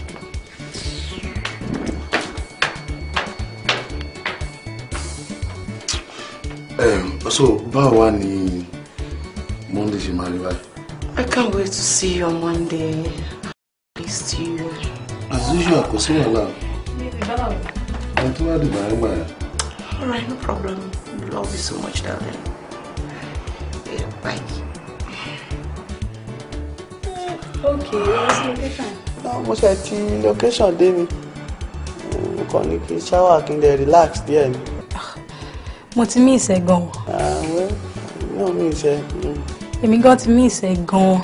A: Um, so báwo ni Monday ṣe máa rí báyìí.
C: I can't wait to see you on Monday. I missed you.
A: As usual, kò sí wàhálà. Ẹ̀ tó bá dìgbà ẹ̀ gbà yẹn.
C: All right, no problem.
A: Love you so much, darling báyìí.
C: Eh, ok wọ́n sí location.
E: Ah, mo ṣe ti location dé mi mo kàn ní kí n ṣáwà kí n lè relax díẹ̀ ni. Ah,
B: mo ti mí ìṣẹ́ gan-an.
E: Ah, àwọn náà mí ìṣẹ́.
B: èmi gan ti mí ìṣẹ́ gan-an.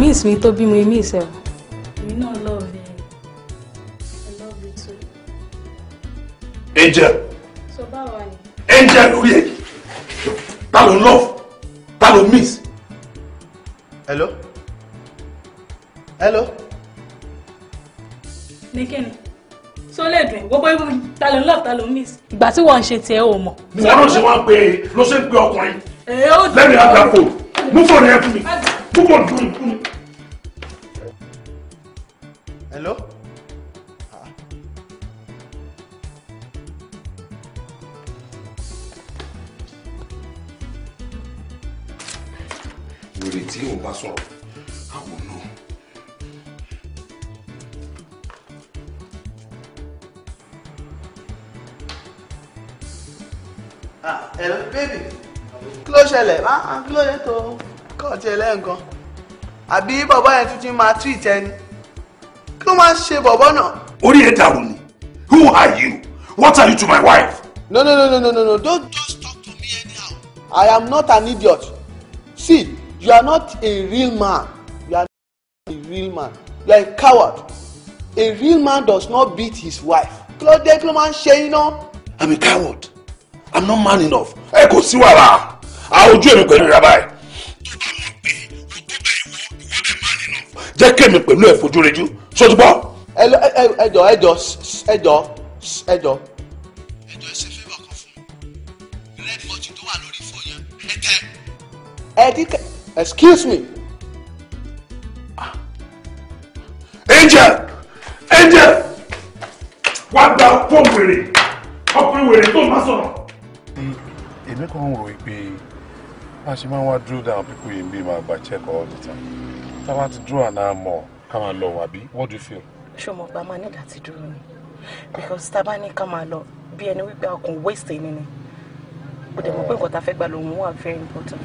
B: miss mi tó bí mo mí èmi náà love you. I love you too.
A: Angel. ló love ta ló miss. hello hello.
B: ní So ni tó lè dùn gbogbo ibu ta ló ń love ta ló ń miss. ìgbà tí wọ́n ń ṣe tiẹ̀ ò mọ̀. ni wọ́n ló ṣe wá pé
A: ló ṣe ń pe ọkùnrin
C: lẹ́nu àgbà mú fòònù ẹ fún mi
E: mú fòònù fún mi.
A: sọ̀rọ̀ àwọn náà.
E: ẹ̀rọ ah, bébì kí ló ṣẹlẹ̀ ah, ah, kí ló yẹ tó kọ́ ti ẹ lẹ́ǹkan àbí bàbá yẹn tuntun máa tweet ẹni kí ló máa ń ṣe bàbá náà.
A: orí ẹ dàrú ni who are you what are you to my wife.
E: no no no no no no don't just talk to me anyhow. I am not an idiot see you are not a real man you are not a real man you are a coward a real man does not beat his wife Claude, ló dé kí ló máa ṣe iná.
A: i'm a coward i'm not man enough ẹ kò sí wàrà àwòjú èmi pẹ̀lú ìyá báyìí. jẹ́ kémi pẹ̀lú ẹ̀ fojú rejú sọ́tún bọ́.
E: ẹjọ ẹjọ ẹjọ ẹjọ. ẹjọ ẹsẹ fẹ́ bọ̀ kan fún mi red watch tó wà lórí fọyín ẹ tẹ. ẹ ti kẹ excuse me
A: angel angel wàá gba fóònù wèrè ọkùnrin wèrè tó má sọ̀rọ̀. èmi kàn ń ròyìn pé bá a ṣe máa ń wá drill down people yìí ń bí máa gba check all the time táwa ti dúró àná mọ̀ ká máa lọ wàbí what do you feel.
C: ṣùgbọ́n gba máa nígbà tí dúró ni because tá a bá ní ká máa lọ bí ẹni wípé ọkùnrin waste ni ni kò dẹ̀ mọ̀ pé nǹkan tá fẹ́ gbà lòun
A: wà very important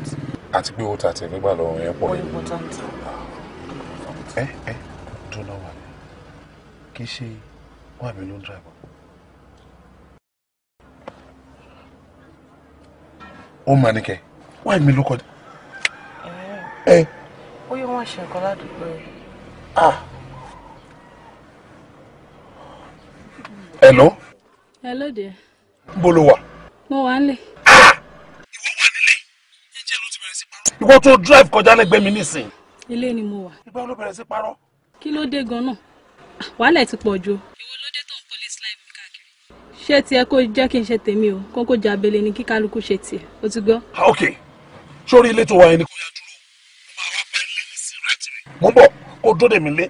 A: àti pé owó ta ti fẹ́ gbà lọ́wọ́ yẹn pọ̀. ẹ ẹ dúró wà ní kí ṣe wà mí ló ń dàgbà. ó mà ní kẹ wà mí ló kọjá. ẹ.
C: ó yẹ wọn ṣe nǹkan ládùúgbò rẹ.
A: hello. hello dear. bó ló wà. mo wà ń lè. ìwọ tó drive kọjá lẹ́gbẹ̀ẹ́ mi nísìn. ilé ni mo wà. ìgbà wo ló bẹ̀rẹ̀ sí parọ́.
B: kí ló dé gan-an wàhálà ti pọ̀ ju. ìwọ ló dé tó ń police life mi káàkiri. ṣé tiẹ̀ kó jẹ́ kí n ṣe tèmi o kó jẹ abẹ́lé ni kí kálukú ṣe tiẹ̀ o ti gbọ́.
A: Ah, ok sórí ilé tó wà yẹn ni kò yá dúró mo máa wá bẹ́ẹ̀ lé nísìn láti rí. mo ń bọ̀ kó dóde mi lé.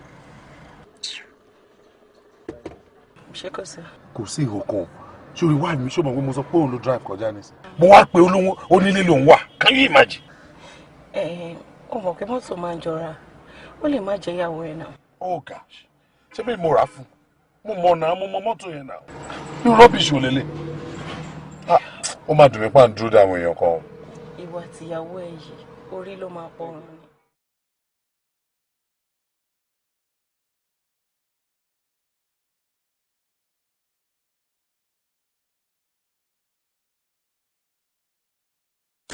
A: ṣé kò sí. kò sí ìhòkàn sórí wáìnì mi ṣó mọ̀ pé mo sọ pé òun ló drive kọjá nísìn. mo wá pe olówó onílé lòun wà can you imagine
C: ó eh, mọ̀ pé mọ́tò máa ń jọra ó lè má
A: jẹ́ ìyàwó ẹ̀ náà. oh gosh ṣé bí mo rà fún mo mọ̀ náà mo mọ mọ́tò yẹn náà ní rọ́bìṣì ò lélẹ̀ ah, ó máa dùn mí pa ń dúró dáwọn èèyàn kan.
C: ìwà tìyàwó ẹ yìí orí ló máa pọ̀ ọ́n.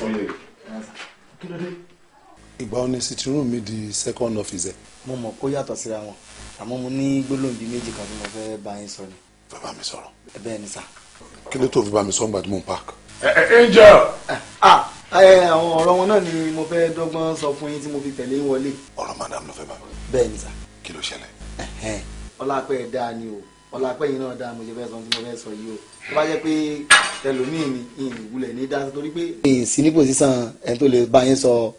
D: Oye, kí ló dé? ìgbà òní sitting room mi di second office ẹ. mo mọ̀ kó yàtọ̀ síra wọn àmọ́ mo ní gbólóhùn bíi méjì kan tí mo fẹ́ bá yín sọ ni. fẹ́ bá mi
A: sọ̀rọ̀. ẹ bẹ́ẹ̀ ni sà. kí ló tó fi bá mi sọ ń gbàdúmọ̀ park. ẹ ẹ angel.
D: ah, ah àwọn ọ̀rọ̀ wọn náà ni mo fẹ́ dọ́gbọ́n sọ fún yín tí mo fi tẹ̀lé wọlé. ọ̀rọ̀ madam ló fẹ́ bá mi. bẹ́ẹ̀ ni sà. kí ló ṣẹlẹ̀. ọlápẹ́ ẹ̀ dáa ni o ọlápẹ́ yìí náà dáa mo ṣe fẹ́ sọ tí mo fẹ́ sọ yìí o tó bá jẹ́ pé ẹlòmíì ni ìwúlẹ̀ ní dáa torí pé. èyí nípò sísan ẹni tó lè bá yín sọ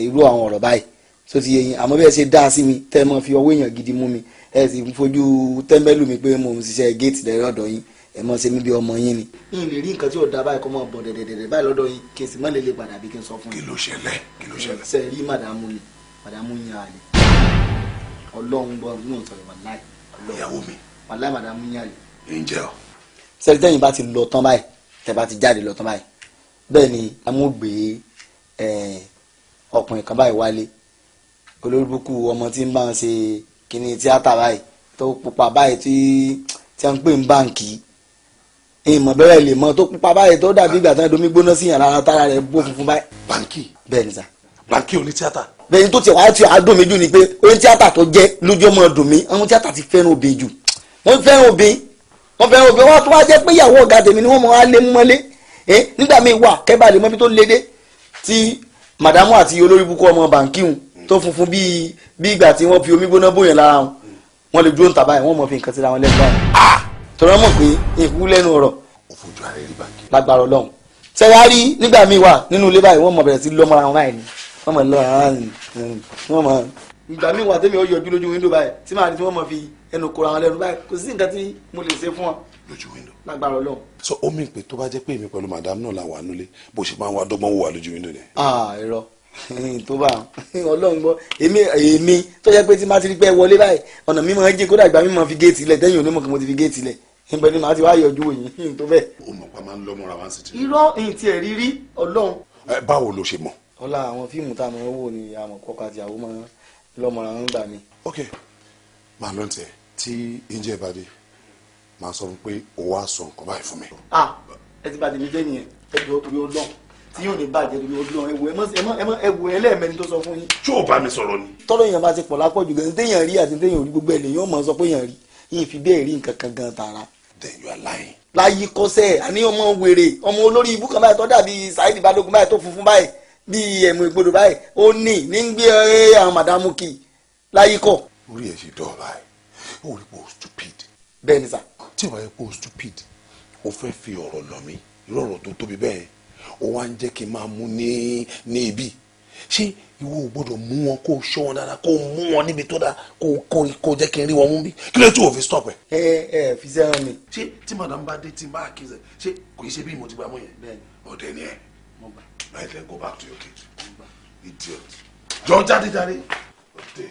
D: irú àwọn ọ̀rọ̀ báyìí tó ti yẹyin àmọ́ bẹ́ẹ̀ ṣe dáa sí mi tẹ́ mọ́ fi ọwọ́ èèyàn gidi mú mi ẹ sì fojú tẹ́ḿbẹ́lú mi pé mo ń ṣiṣẹ́ géètì lẹ́yìn ọ̀dọ̀ yín ẹ mọ̀ ṣe mí bí ọmọ yín ni. n lè rí nǹkan tí ò da báyìí kó mọ̀ bọ̀ dẹ̀dẹ̀dẹ̀ báyìí lọ́dọ̀ yín kí n sì má lè lè padà bí kí n sọ fún yín. kí ló ṣẹlẹ̀ kí ló ṣẹlẹ̀. ṣe rí màdàmú ni màdàmú yan àlè ọlọ́run gbọ́ mú un sọ̀rọ̀ wàláì ọlọ́run ìyàwó mi wàláì màdàmú yan àlè. ǹjẹ́ o. sẹ́ni tẹ́yìn bá ti lọ tán báyìí tẹ́ bá ti jáde lọ tán báyìí bẹ́ẹ̀ ni ọkùnrin kan báyìí wálé olórúkú ọmọ tí ń bá ń ṣe kíní tíátà báyìí tó pupa báyìí tí tí a ń pè ń báǹkì ìmọ̀ bẹ́rẹ̀ lè mọ tó pupa báyìí tó dàbí ìgbà tán domi gbóná sí yàrá tára rẹ̀ bó funfun báyìí. báǹkì bẹ́ẹ̀ ni sà. báǹkì oní tíátà. bẹ́ẹ̀ ni tó tiẹ̀ wá ti àádùn mi jù ni pé oní tíátà tó jẹ́ lójú ọmọ dùn mí àwọn tíátà ti fẹ́ràn obìnrin jù wọ́n fẹ́ràn obìnrin wọ́n fẹ́ràn obìnrin wọ́n tún wá jẹ́ pé ìyàwó ọ̀gá tèmi ni wọ́n mọ̀ á lé mọ́lé nígbà míì wà kẹ́bà lè tó léde tí Madamu àti olórí bukọ ọmọ bàǹkìhùn tó funfun bíi bí ìgbà tí wọ́n fi omi gbóná bóyàn lára wọn wọ́n lè dúró ń tàbá yẹn wọ́n mọ̀ fi nǹkan síra wọn lẹ́nu báyìí tọ́lá mọ̀ pé ìkú lẹ́nu ọ̀rọ̀ lágbára ọlọ́run sẹ́yárí nígbà míì wà nínú ilé báyìí wọ́n mọ̀ bẹ̀rẹ̀ sí lọ́mọ ara wọn báyìí ni wọ́n mọ̀ lọ́ra wọn ni wọ́n mọ̀ ìgbà míì wà tẹ́mi ó yọjú lójú windo báyìí tí màá di tí wọ́n mọ̀ fi ẹnu kóra wọn lẹ́nu báyìí kò sí nǹkan tí mo lè ṣe fún wọn lójú windo. lágbára Ọlọ́run.
A: so ó mì pé tó bá jẹ́ pé èmi pẹ̀lú madam náà la wà nulẹ̀ bó ṣe máa ń wá dọ́gbọ́n wò wá lójú windo ni. ẹ̀rọ ah, tó bá Ọlọ́run gbọ́ èmi èmi tó yẹ
D: pé tí má ti rí pé wọlé báyìí ọ̀nà mímọ́ ẹ̀jẹ̀ kódà ìgbà mímọ́ fi géètì lẹ̀ tẹ́yìn onímọ̀ kí mo ti fi géètì lẹ̀ níbẹ̀ ni màá ti wá
A: yọjú òyìn tó bẹ́ẹ̀. o mọ̀ pa máa ń lọ mọ́ra wá sí ti.
D: irọ́ èyí tiẹ̀ rírí Ọlọ́run.
A: báwo ló ṣe mọ̀.
D: ọlá àwọn fíìmù tá a máa ń wò ni àmọ̀kọ́kọ́ àti àwọn ọmọ lọ́mọra
A: ok màá lọ́ntẹ̀ tí máa sọ fún pé o wá sọ nǹkan báyìí fún mi.
D: ẹ ti bàtẹ́ mi jẹ́ nìyẹn ẹ jọ torí tí yóò ní bàjẹ́ torí ọlọ́run ẹ wò ẹ wò ẹ lẹ́ẹ̀mẹ́ni tó sọ fún yín. tí ò
A: bá mi sọ̀rọ̀ ni. tọ́lọ́ èèyàn bá ti pọ̀ lápọ̀jù
D: gan téèyàn rí àti téèyàn rí gbogbo ẹ̀ lè máa sọ pé èèyàn rí yín fi bẹ́ẹ̀ rí nǹkan kan gan tààrà. then you are lying. láyé kọsẹ̀ àní ọmọ wèrè ọmọ olórí ibú kan báyìí tó dàbí Saheed Balógun báyìí tó funfun báyìí bíi ẹ̀mú ìgbodò báyìí ó ní ní ń gbé eh, àwọn màdàmú kì
A: láyé kọ. orí stupid bẹ́ẹ̀ ni sà. tí ìwà epo stupid o fẹ́ fi ọ̀rọ̀ lọ mi irú ọ̀rọ̀ tó tóbi bẹ́ẹ̀ o wá ń jẹ́ kí n máa mú ní ní ibi ṣé ìwọ ò gbọ́dọ̀ mú wọn kó o ṣọ́ wọn dáadáa kó o mú wọn níbi tó dáa kó o kó o jẹ́ kí n rí wọn mú bí kí ló tún òfin stop ẹ. ẹ ẹ fi sẹ́wọ̀n mi. ṣé tí madam bá dé tí n bá kí ṣe ṣé kò í ṣe bí mo ti gbà mú yẹn ọ̀dẹ̀ ni ẹ right then go back to your cage idiot jọ jáde jáde ọ̀dẹ̀.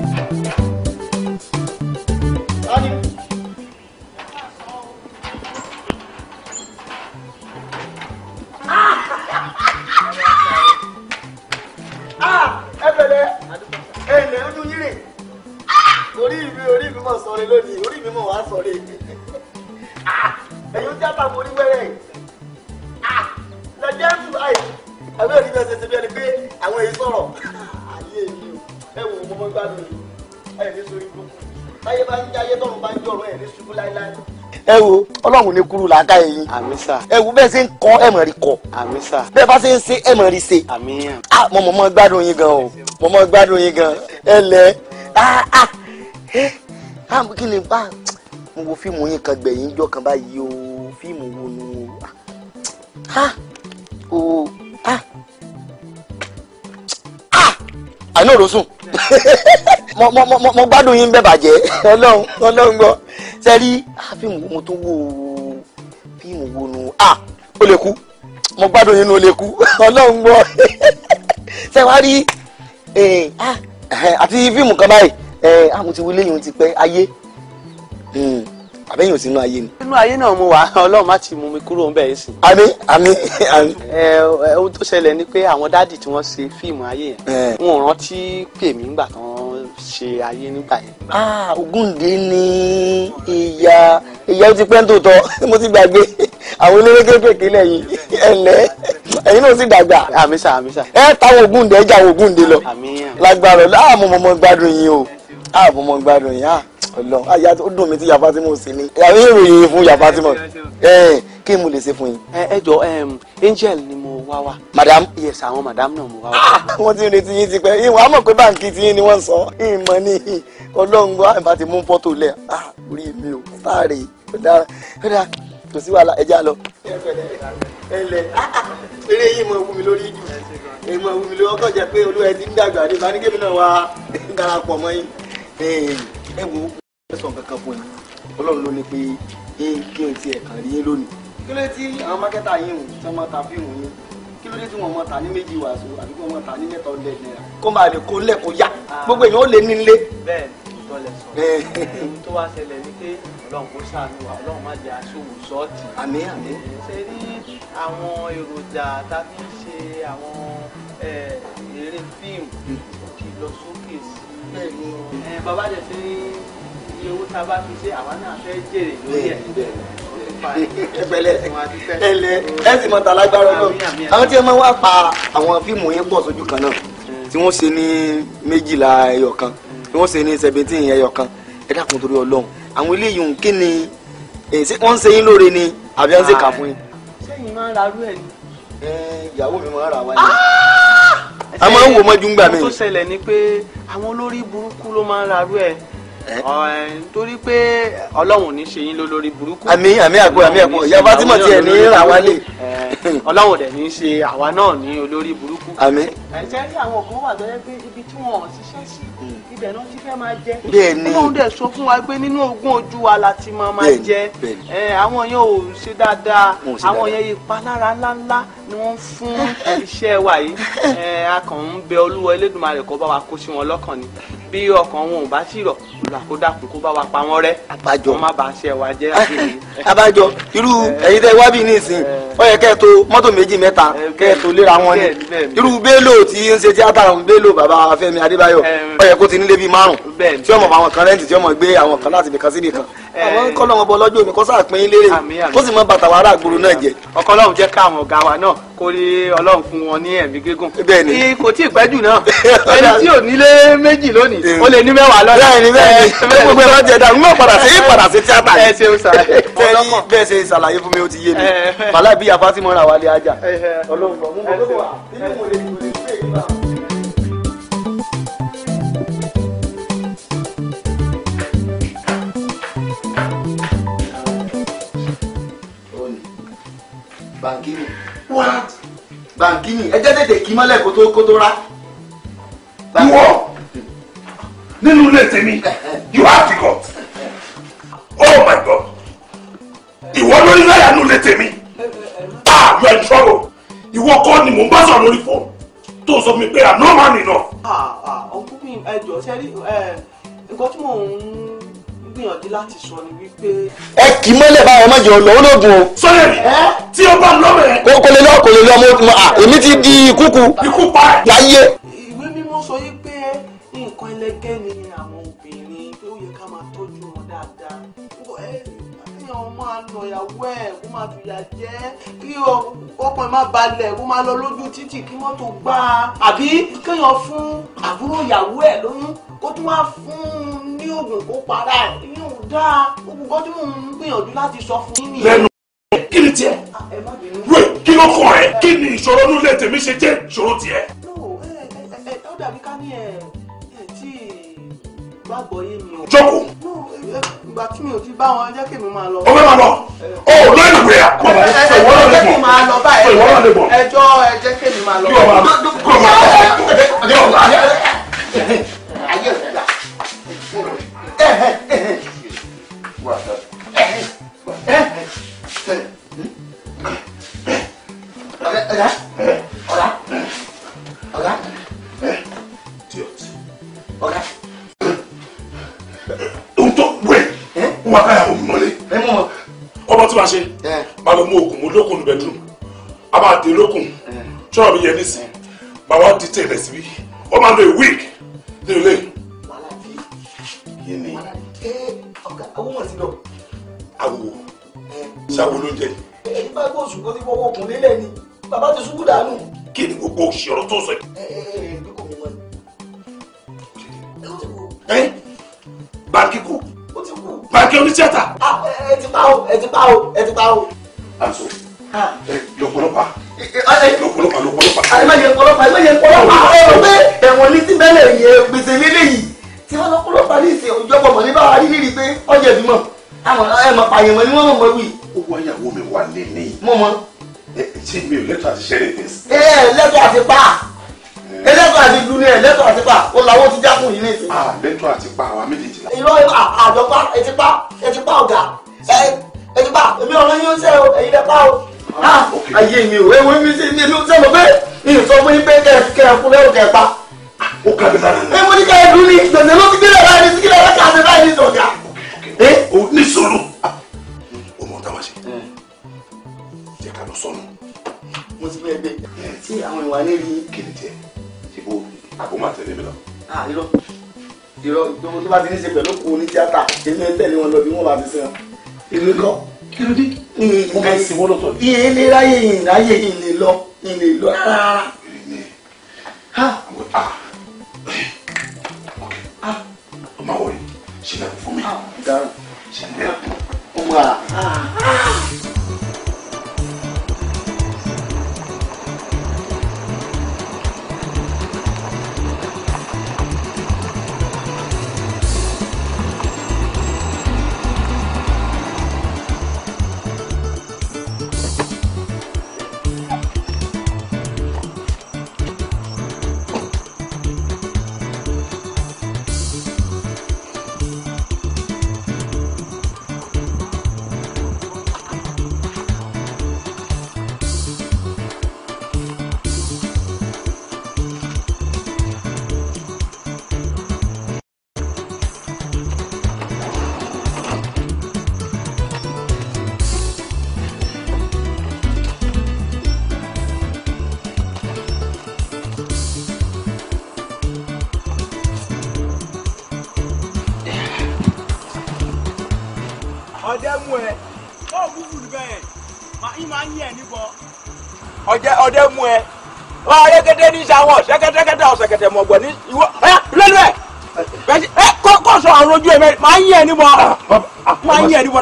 D: mímọ̀ sọ̀rọ̀ lónìí orí mímọ̀ wá sọ̀rọ̀ èyí ah, ẹ̀yin tí a bá borí wẹ́rẹ́ ah, lọ́jọ́ àì àwọn èyí bẹ̀rẹ̀ ṣẹṣẹ bí ẹni pé àwọn èyí sọ̀rọ̀ ayé mi o ẹ wò ó mọ́mọ́ mi ẹ̀ ní sori burúkú táyé bá ń jáyé tọ́run bá ń jọ̀rọ̀ ẹ̀ ní ṣubú láíláí ẹ wo ọlọ́run ní kúrú làákà ẹ̀yin. àmín sà. ẹ wo bẹ́ẹ̀ ṣe ń kọ́ ẹ rí kọ́. àmín sà. bẹ́ẹ̀ bá ṣe ń ṣe ẹ rí ṣe. àmín. a ah, mọ̀ mọ̀ mọ̀ gbádùn yín gan o mọ̀ mọ̀ gbádùn yín gan ẹ lẹ̀ àmọ́ ah, kí ni bá mo wo fíìmù yín kan gbẹ̀yìn jọ kan báyìí o fíìmù wo nu o ha o ha ha àná òrò sùn mo gbádùn yín bẹ́ẹ̀ bàjẹ́ ọlọ́run ọlọ́run gbọ́ sẹ́rí fíìmù mo tó wò o fíìmù wo nu ah ó lè kú mo gbádùn yín nu ó lè kú ọlọ́run gbọ́ sẹ́wárí eh, àti fíìmù kan báyìí ẹ àwọn ti wílé yìí ti pẹ́ ayé hmm. àbẹ́yìn ò sí inú ayé ni.
E: inú ayé náà mo wà ọlọ́run má ti mú mi kúrò ń bẹ̀ yìí sìn. àmín àmín àmín. ẹ ẹ ohun tó ṣẹlẹ̀ ni pé àwọn dáàdì tí wọ́n ṣe fíìmù ayé yẹn wọn ò rántí pè mí ńgbà tán ṣe ayé nígbà yẹn.
D: Ògúndé ni
E: ìyá ìyá ó ti pẹ́ ń tòótọ́ mo ti gbàgbé àwọn eléré kéékèèké lẹ́yìn
D: ẹ̀lẹ́ ẹ̀yin náà sì dàgbà. àmín sà àmín sà. ẹ táwọn Ògúndé ẹ jà Ògúndé lọ lágbára ọlọ́ àmọ́ ah, mọ́mọ́ gbádùn yín o ààbò ah, mọ gbádùn yìí ah, Ọlọ́run àyà ah, ó dùn mí tí yàfa tí mo sì ni. yàrá ìròyìn fún yàfa tí mo kí mo lè ṣe fún yín. ẹ jọ angel ni mo wá wá. madam. yes àwọn madam náà mo wá wá. wọ́n ti retí yín ti pẹ́ ìwọ̀n àmọ̀ pé báǹkì ti yín ni wọ́n sọ ìmọ̀ ni Ọlọ́run gbọ́ àbá ti mú fọ́tò lẹ̀ orí mi ò sáré dára dára kò sí wàhálà ẹ já lọ. ẹ lẹ eré yìí mo wú mi lórí èmi ò wú mi lórí ọkọ̀ jẹ́ pé olúwa ẹ ti ń dàgbà ní ìbánikẹ́mi náà wá darapọ̀ mọ́ yín ẹ wo ẹ sọ nǹkan kan fún yín ọlọ́run ló ní pé kí n tiẹ̀ kàn rí yín lónìí kí ló ti àwọn mákẹ́tà yín hùn tí wọ́n máa ta fíìmù yín kí ló dé tí wọ́n máa ta ní méjì wàásù àbí kí wọ́n máa ta ní mẹ́ta ọ̀lẹ́ náírà. kó máa lè kó lẹ̀
E: kó yá ah. gbogbo èèyàn ó lè ní ilé. bẹ́ẹ̀ tọ́lẹ̀ sọ ohun tó wá ṣẹlẹ̀ ni pé ọlọ́run kò ṣàánú wa ọlọ́run má jẹ́ aṣòwò ṣọ́ọ̀tì. àmín àmín. ṣe rí àwọn èròjà tá a fi ń ṣe àwọn eré fíìmù hmm bẹ́ẹ̀ni ẹ bàbá dẹ̀ fi iye owó tá a bá fi ṣe àwa náà fẹ́ jèrè lórí ẹ̀ ẹgbẹlẹ ẹlẹ
D: ẹ sì mọ tàlágbára náà àwọn tí ẹ máa wá pa àwọn fíìmù yẹn pọ̀ sójú kan náà tí wọ́n ṣe ní méjìlá ẹyọ kan tí wọ́n ṣe ní seventeen ẹyọ kan ẹ dákun torí Ọlọ́run àwọn eléyìí ń kí ni wọ́n ń ṣe yín lóore ni àbí wọ́n ń ṣe kà fún yín.
E: sẹ́yìn ah, máa ń ra rú ẹ̀ ni. ìyàwó mi máa ń ra wáyé a máa ń wò mọ́jú ń gbà mí. ohun tó ṣẹlẹ̀ ni pé àwọn olórí burúkú ló máa ń rarú ẹ̀ torí pé ọlọ́run ní ṣe yín lólórí burúkú. àmì àmì àgbo àmì àgbo ìyá tiẹ̀ ní ràwálé. ọlọ́run dẹ̀ ní ṣe àwa náà ní olórí burúkú. àmì ẹ̀jẹ̀ rí àwọn kan wà tó yẹ pé ibi tí wọ́n ṣiṣẹ́ sí hmm. ibẹ̀ náà ti fẹ́ máa jẹ bẹ́ẹ̀ni wọ́n dẹ̀ sọ fún wa pé nínú ogún ojú wa la ti máa máa jẹ àwọn yẹn ò ṣe dáadáa àwọn yẹn ìpalára ńláńlá ni wọ́n fún iṣẹ́ wa yìí a kàn ń bẹ olúwa elédùnmarè kó bá wa kó sí wọn lọ́kàn ni bí ọkàn wọn ò bá sì rọ̀ olùwàkódàkùn kó bá wa pa wọn rẹ́ àbájọ wọn má bàa ṣe wa jẹ́ àbíyí. Ah, àbájọ irú ẹ̀yin tẹ́ wá bí nísìnyí ó yẹ kẹ́ ẹ tò mọ́tò
D: méjì mẹ́ta kẹ́ ẹ tò léra wọn ni irú bélò Bello tí ń ṣe tíátà Bello bàbá Fẹ́mi Adébáyọ̀ ó yẹ kó ti nílé bíi márùn tí ọmọ àwọn kan rẹ́ǹtì tí ọmọ gbé àwọn kan láti ibìkan sí ibìkan àwọn ń kọ́ lọ́wọ́ bọ lọ́jọ́ òní kó sáà pín in lérè kó sì mọ bàtà wàhálà gbòòrò náà jẹ. ọkọ Ọlọ́run jẹ káwọn ọgá wa
E: náà kó rí Ọlọ́run fún wọn ní ẹ̀mí gígùn. bẹ́ẹ̀ni ní kò tí ì pẹ́ jù náà ẹni tí ò
A: nílé méjì lónìí ó lè ní mẹ́wàá lọ́la. bẹ́ẹ̀ni bẹ́ẹ̀ni gbogbo ẹ̀rọ jẹ dáa n gbọ́ padà sí padà sí tíátà yìí. ẹ ṣeun sàlàyé tẹ́lí
D: bẹ́ẹ̀ ṣe ṣàlàyé fún mi ó ti yé mi. màláì bí wálé ajá.
E: Ọlọ́run bọ̀ mú
D: bàǹkìnì what bàǹkìnì ẹ jẹ́ tètè kí mọ́lẹ̀ kó tó kó tó rá. wọ́
A: nínú ilé tèmi you have the god oh my god ìwọ lórí láyà nínú ilé tèmi ah you are in trouble ìwọ kọ́ ni mò ń bá sọ̀rọ̀ lórí fóònù tó sọ mi pé i'm no man enough.
C: ọkùnrin
E: ẹjọ ṣe rí nǹkan tí mò ń gbìyànjú láti sọ ni wípé.
C: ẹ kì í mọ́lẹ̀ báwọn ọmọ jọ lọ ológun o.
D: sọlẹ̀ mi tí o bá ń lọ́mọ rẹ. kò lè lọ kò lè lọ mo èmi ti di ìkúkú. ikú pa ẹ̀. láyé. ìwé
E: mímọ́ sọ yìí pé nǹkan ẹlẹgẹ́ ni àwọn obìnrin pé ó yẹ ká máa tọ́jú wọn dáadáa kéèyàn máa lọ ìyàwó ẹ kó máa fìyà jẹ kí ọkùnrin má balẹ̀ kó máa lọ
C: lójú títì kí mọ́tò gbá a àbí
E: kéèyàn fún àbúrò
C: ìyàwó ẹ lóyún kó tún wá fún un ní oògùn kó para ẹ̀ ìyẹn ò dáa oògùn kan tí mò ń gbìyànjú láti sọ fún yín
A: nìyẹn. lẹ́nu kí ni tiẹ̀ wé kí ló kọ ẹ kí ni ìṣòro nílé tèmi ṣe jẹ́ ìṣòro tiẹ̀.
E: ó dàbí ká ní ẹ tí gbàgbọ́ yé mi o. jókòó. ìgbà tí mi ò ti bá wọn jẹ́ kí mi máa lọ. ó fẹ́ máa
A: lọ ó lọ ìwé à. ẹ ẹ ẹ jẹ́ kí n máa lọ
E: ẹjọ́ ẹ jẹ́ kí mi máa lọ. kí o máa lọ
A: kí o máa lọ tọ́ọ̀bù yẹn nísìn bàbá ti tẹ̀lẹ̀ síbí ó máa lo a week nílé túmọ̀ sí lọ. àwò ṣàwò ló ń jẹ.
D: èyí bá gbọ́ oṣù kan tí wọ́n wọ́kùn lélẹ̀ ni
A: bàbá ti ṣubú dànù. kí ni gbogbo òṣì ọ̀rọ̀ tó sọ yìí. báńkì kù báńkì oníṣẹ́ta.
D: ẹ ti pa o ẹ ti pa o ẹ ti pa o.
A: àǹsọ̀ lọ́pọ̀lọpọ̀
D: lọ́pọ̀lọpọ̀ lọ́pọ̀lọpọ̀. àìmọye ọlọ́pàá àìmọye ọlọ́pàá ẹ̀rọ pé ẹ̀wọ̀n ní tí bẹ́lẹ̀ yẹn gbèsè lélẹ́yìí tí wọ́n lọ kúrò parí ìsìn òjọ́ bọ̀mọ̀ ní báwa rí rí pé ọjà ìbímọ ẹ̀mọ̀ pààyàn mọ̀
A: ni wọ́n mọ̀ mọ̀ wí. ó wọ ìyàwó mi wà lélẹ̀. mo mọ. ṣé mi ò lẹ́tọ̀ àti ṣẹ́rẹ̀ tẹ̀sí. ẹ ẹ lẹ́tọ̀ àti pa ẹ lẹ́tọ̀ àti dun ẹ lẹ́tọ̀ àti pa ó
D: làwọn ti jákùn yìí ní ìsìn. à lẹ́tọ̀ àti
A: pa àwa méjèèjì.
D: ìlọ àjọpá ẹ pa ẹ pa ọ̀gá ẹ pa èmi ọ̀rọ̀ yín ó ṣe o èyí lẹ pa o. Ah, ah, ayé mi ò ewé mi ṣe mi ò sẹ́nu pé mi ó kà mí lára ni. ẹ mo ní ká ẹdun ní gbèsè ló ti gbélé báyìí ní síkìlẹ̀ ẹ̀ka ṣe báyìí ní sọ̀gá. o ní sòrò
A: o mọ̀ táwa ṣe jẹ́ ká lọ sọ́nù. mo ti fẹ́ gbé tí àwọn ìwà ní rí. kìnìún tiẹ̀ ṣe bó àbó máa tẹ̀lé mi lọ.
D: irọ́ irọ́ tó bá ti ní ṣe pẹ̀lú kò ní tíátà èmi ń tẹ̀lé wọn lọ bí wọ́n bá ti sìn èmi kọ́ kí ló dé. mo fẹ́ sinwó lọ́tọ̀ ni. iye ilé ráyè ìráyè ìlè lọ ìlè lọ rárá. ah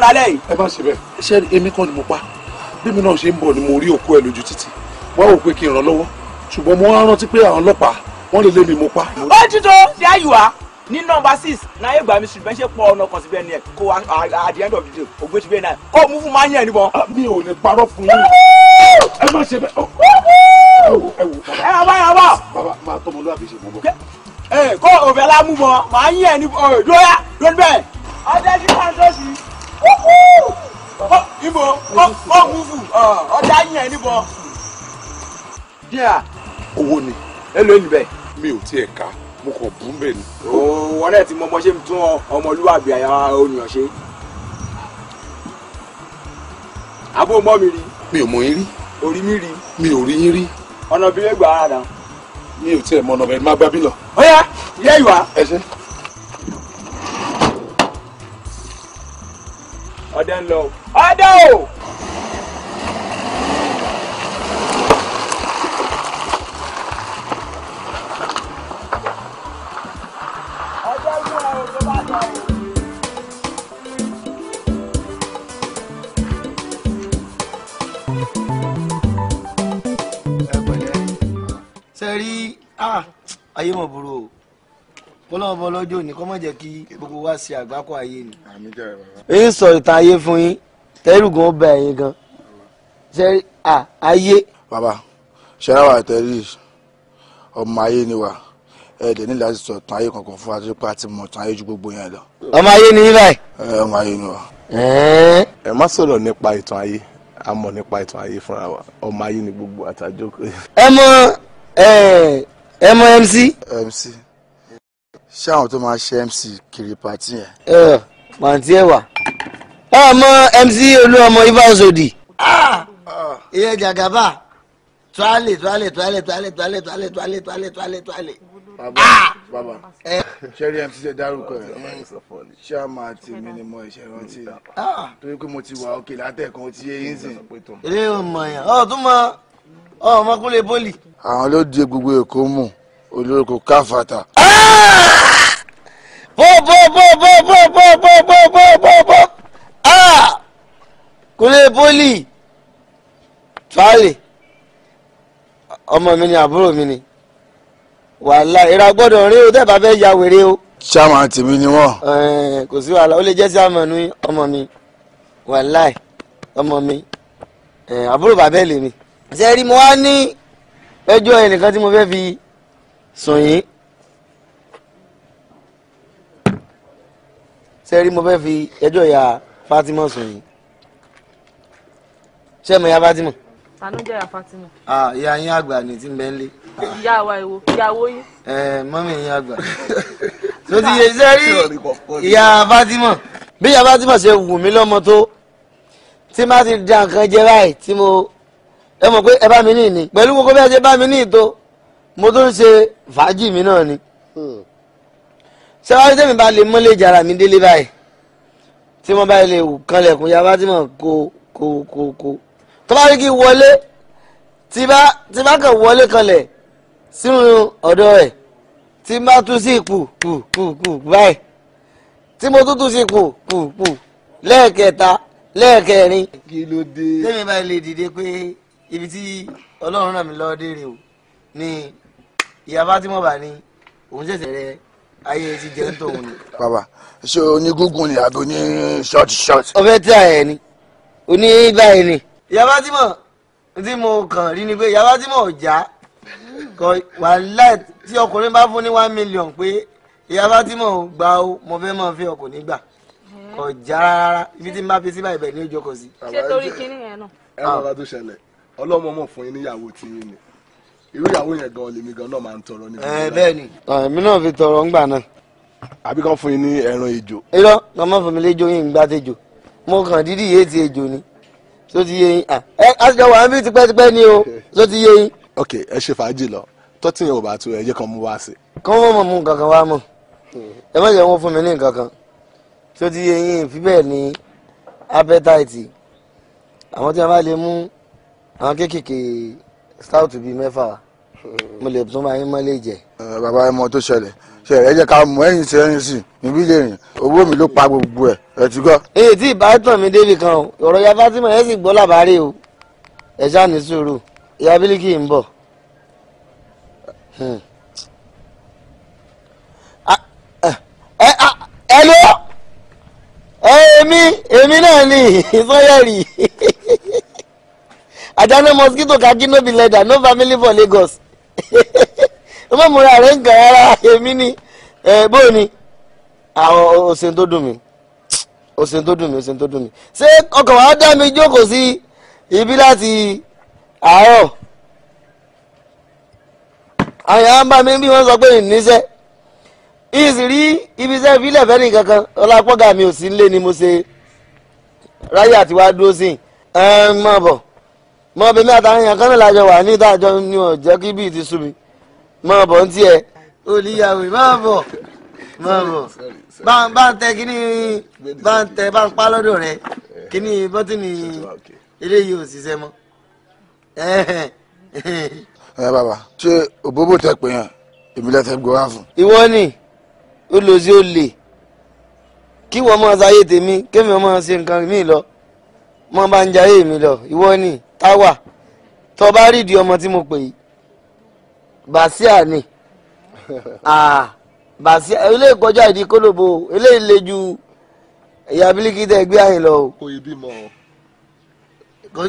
A: mọ́ lálẹ́ yìí. ẹ má ṣe bẹ́ẹ̀ ṣé èmi kan ni mo pa bímí náà ṣe ń bọ̀ ni mo rí òkú ẹ lójú títì wá wò pé kí n ràn lọ́wọ́ ṣùgbọ́n mo wá rántí pé àwọn ọlọ́pàá wọ́n lè lé mi mo pa. ó
C: ti tó ṣe àyùwá ní nọ́mbà six náà yóò gbà mí ṣùgbọ́n ṣe pọ̀ ọ̀nà kan síbẹ̀ ni ẹ̀ kó at the end of
E: the
A: day ògbé síbẹ̀ náà kó mú fún máa ń yẹn níbọn. Ah, mi ò lè parọ́ fún yín ẹ má ṣe bẹ́ẹ̀ ẹ wò ẹ wò bàbá ẹ bàbá ẹ bàbá bàbá máa tọmọ lóàbí ṣe mọ́ kó òfẹ́ lámú mọ́ máa ń yẹn ní lónìí bẹ́ẹ̀.
C: ọjọ́ sí pàǹtọ́sì. Ah, ibo ọ ah, ah, wúfù ọjà yẹn níbọ.
A: díà owó ni ẹ lóyún níbẹ̀. mi ò tiẹ̀ ká mo kàn bú bẹ́ẹ̀ ni. wọn náà ti mọ ọmọ ṣe tún ọmọlúwàbí àyà ònìyàn ṣe. àbó mọ́ mi rí. mi ò mọ yín rí. orí mi rí. mi ò rí yín rí. ọ̀nà bí lè gbà á rà. mi ò tiẹ̀ mọ ọ̀nà bẹ́ẹ̀ ni má gbá bí lọ. ó yá yẹ́ ìwà. ẹ ṣe.
C: ọdẹ ń lọ o ọdẹ o.
D: ṣe rí ah, ayé mọ̀ burú kọ́lọ́wọ́ bọ́ lọ́jọ́ òní kọ́ mọ̀ jẹ́ kí gbogbo wa ṣe àgbákò ayé ni. èyí sọ ìtàn ayé fún yín tẹ́rùgùn ó bẹ ẹ̀yin gan ṣe à ayé. bàbá ṣẹ́ráwá ìtẹ́rí ọmọ ayé ni wà ẹ̀ẹ́dẹ̀ nílẹ̀ láti sọ ìtàn ayé kankan fún àti pé àti mọ̀ ìtàn ayé ju gbogbo yẹn lọ. ọmọ ayé ni yín báyìí.
A: ẹ ọmọ ayé ni wà. ẹ má sọ̀rọ̀ nípa ìtàn ayé a mọ̀ nípa ìtàn ayé fúnra wa ọmọ ayé ni gbogbo àtàjọ. ẹ mọ ẹ mọ MC. MC
D: ṣé àwọn tó máa ṣe mc kiri pàtí yẹn. ẹ pàǹtí ẹwà wọn mọ mc olúọmọ ibazodi. iye jagaba tuale tuale tuale tuale tuale tuale tuale tuale tuale tuale. bàbá ah! bàbá sẹ́rí mc ṣe dárúkọ ẹ̀ ṣé a máa ti mí ni mo ṣe rántí ah! torí pé mo ti wà òkè látẹ̀kan ó ti yé yín sìn. eré ọmọ yẹn ọ tún mọ ọmọkùnrin poli.
A: àwọn ló di gbogbo èkó mú olórúkọ káfàtà. Ah!
D: bó bó bó bó bó bó bó bó bó bó ah kule bólì tuwálè ọmọ mi ni àbúrò mi ni wàhálà ìra gbọ́dọ̀ rí o tẹ́ bá fẹ́ ya wèrè o. sáwọn tèmi ni wọn. kò sí wàhálà ó lè jẹ́ sí àmọ̀nù ọmọ mi wàhálà ọmọ mi àbúrò bàbá ẹ̀ lèmi. ṣe rí mo wá ní ẹjọ́ ẹnìkan tí mo fẹ́ fi sùn yìí sẹ́rí mo fẹ́ fi ẹjọ́ ìyá Fatima sùn yìí ṣé mo ya Fatima.
B: tànú jẹ́ Fatima.
D: ah ìyá yín àgbà ni tí ń bẹ́ ń lé.
B: ìyá wa ìwo ìyàwó yín.
D: ẹ mọ́mí yín àgbà. ló ti yẹ sẹ́rí ìyá Fatima bí ìyá Fatima ṣe wù mí lọ́mọ tó tí má ti da nǹkan jẹ báyìí tí mo ẹ mọ̀ pé ẹ bá mi ní ìní pẹ̀lú gbogbo bí ẹ ṣe bá mi ní ìtò mo tó ń ṣe fàájì mi náà ni. Hmm sẹ́wájú tẹ̀mí bá lè mọ́lé jàrá mi délé báyìí tí wọ́n bá lè kanlẹ̀kùn yaba tí mọ̀ kó kó kó kó tó bá rí kí wọlé tí bá kàn wọlé kanlẹ̀ sínú ọ̀dọ̀ rẹ̀ tí bá tún sí ipò kù kù kù báyìí tí mo tún tún sí ipò kù kù lẹ́ẹ̀kẹta
A: lẹ́ẹ̀kẹrin.
D: kí bá lè dìde pé ibi tí ọlọ́run ràn mí lọ́ọ́ dé rè o ni ìyá Fátímọ̀ bá ní òun ṣẹ̀ṣẹ̀ rẹ̀ ayé ti jẹ́ tóun ni. bàbá ṣé onígúngún ni àbí oní ṣọ́ọ̀tì ṣọ́ọ̀tì. ọbẹ̀ tí a yẹ ni oní báyìí ni. yàrá tí mo tí mo kàn rí ni pé yàrá tí mo já kọ wàhálà tí ọkùnrin bá fún ní one million pé yàrá tí mo gbà ó mo fẹ́ mọ̀ fi ọkùnrin gbà kọ já rárá ibi tí n bá fi sí báyìí bẹ́ẹ̀ ni ó jókòó sí. ṣé torí kinní yẹn náà. ẹ máa bá tó ṣẹlẹ̀ ọlọ́mọ mọ̀ fún yín níyàwó tí yín ni irú ìyàwó yẹn gan lèmi gan náà máa ń tọrọ níbi. ẹ bẹ́ẹ̀ ni. èmi náà fi tọrọ ńgbà náà. àbí kan fún yín ní ẹran ejò. irọ́ lọ má fún mi léjò yín ń gbá tejò mo kàn dídí yé ti ejò ni tó ti yé yín ẹ àtijọ́ wà níbi tipẹ́tipẹ́ ni o tó ti yé yín. ok ẹ ṣe fàájì lọ tọ́tí yẹn ò bá tu ẹ jẹ́ kan mú wá sí. kọ́ wọ́n mọ̀ mú nǹkan kan wá mọ̀ ẹ má jẹ́ wọ́n fún mi ní nǹkan tó ti yé yín fi bẹ́ẹ̀ ni appetite àwọn tí wọ́n bá lè mú àwọn kéékèèké stout bíi mẹ́fà mo lè tún máa yín mọ́ lè jẹ. bàbá ẹ mọ tó ṣẹlẹ̀ ṣe ẹ jẹ́ ká mọ ẹ̀yìn sí ẹ̀yìn sí níbí lè rìn owó mi ló pa gbogbo ẹ̀ ẹ ti gbọ́. èyí tí ìbá tàn mí débì kan o ọ̀rọ̀ ya Fatima ẹ̀ sì gbọ́ làbárí o ẹ̀ ṣáà ní sùúrù ìyá bílíkì ń bọ̀. Hmm. Eh, ẹ̀lú èmi èmi náà ni ìsọyẹ̀rì. àdáná mosquito kakí no be leather no family for Lagos ó mọ̀ múra rẹ̀ ń kàn rárá èmi ni bóò ni àwọn òsèǹ tó dùn mí òsèǹ tó dùn mí òsèǹ tó dùn mí ṣé ọkàn wa dá mi jókòó sí ibi láti àárọ̀ àwọn èèyàn bá mi bí wọ́n sọ pé ìníṣẹ́ ìsì rí ibi iṣẹ́ ìfilẹ̀ nìkan kan ọlápọ̀gà mi ò sí nílé ni mo ṣe ráyè àti wá dúró sí ẹ̀ ń mọ̀ bọ̀ mọ bẹ mi àtàwọn èèyàn kan náà lájọ wà ní ìdájọ ni ò jẹ kí bíi ti sú mi mọ bọ ń tiẹ olùyàwó mọ bọ mọ bọ bá ń bá ń tẹ kíní bá ń tẹ bá ń pa lọ́dọ̀ rẹ kíní bọ́tìnì eléyìí ò ṣiṣẹ́ mọ́. ẹ bàbá ṣé òbóbò tẹ pé yàn èmi lẹ́tẹ̀ gbọ́ wá fún. ìwọ ni olùsí olè kí wọ́n máa ṣayé tèmi kémi wọ́n máa ṣe nǹkan mi lọ mọ́ bá ń jayé mi lọ ìwọ ni táwà tó bá rí ìdí ọmọ tí mo pè yìí bàṣíà ni bàṣíà eléyìí kọjá ìdí kólóbó eléyìí le ju ìyá bílíkì tẹ gbé àyìn lọ o. kò yí bímọ o. kò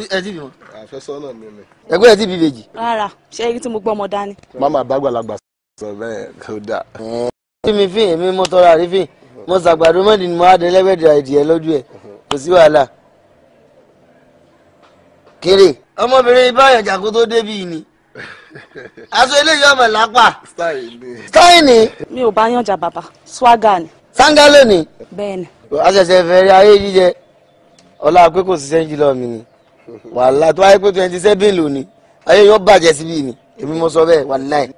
D: mi ni. ẹgbẹ́ ẹ bí bèjì. rárá ṣé ibi tí mo gbọ́ ọmọ dání. mama àbágbàlagbà sọ bẹ́ẹ̀ kó dáa. ẹ ẹ mi fi èmi mo tọrọ àrífín mo ṣàgbàdo mọ́ni ni mo á dé lẹ́gbẹ̀dẹ̀ àìdíyẹ lójú ẹ̀ kò sí wàhálà kéré ọmọbìnrin báyọ̀ jà kó tó débi ni aṣọ eléyìí ọmọ lápá style
C: ni. mi ò bá yànjà bàbá swagger ni. sangalo ni. bẹ́ẹ̀ni. aṣẹ̀ṣẹ̀ fẹrẹ ayé jíjẹ
D: ọlá pé kò ṣiṣẹ́ jùlọ mi ni wàhálà tó ayé pé twenty seven lò ní ayé yóò bàjẹ́ síbí ni èmi mo sọ bẹ́ẹ̀ wàhálà yìí.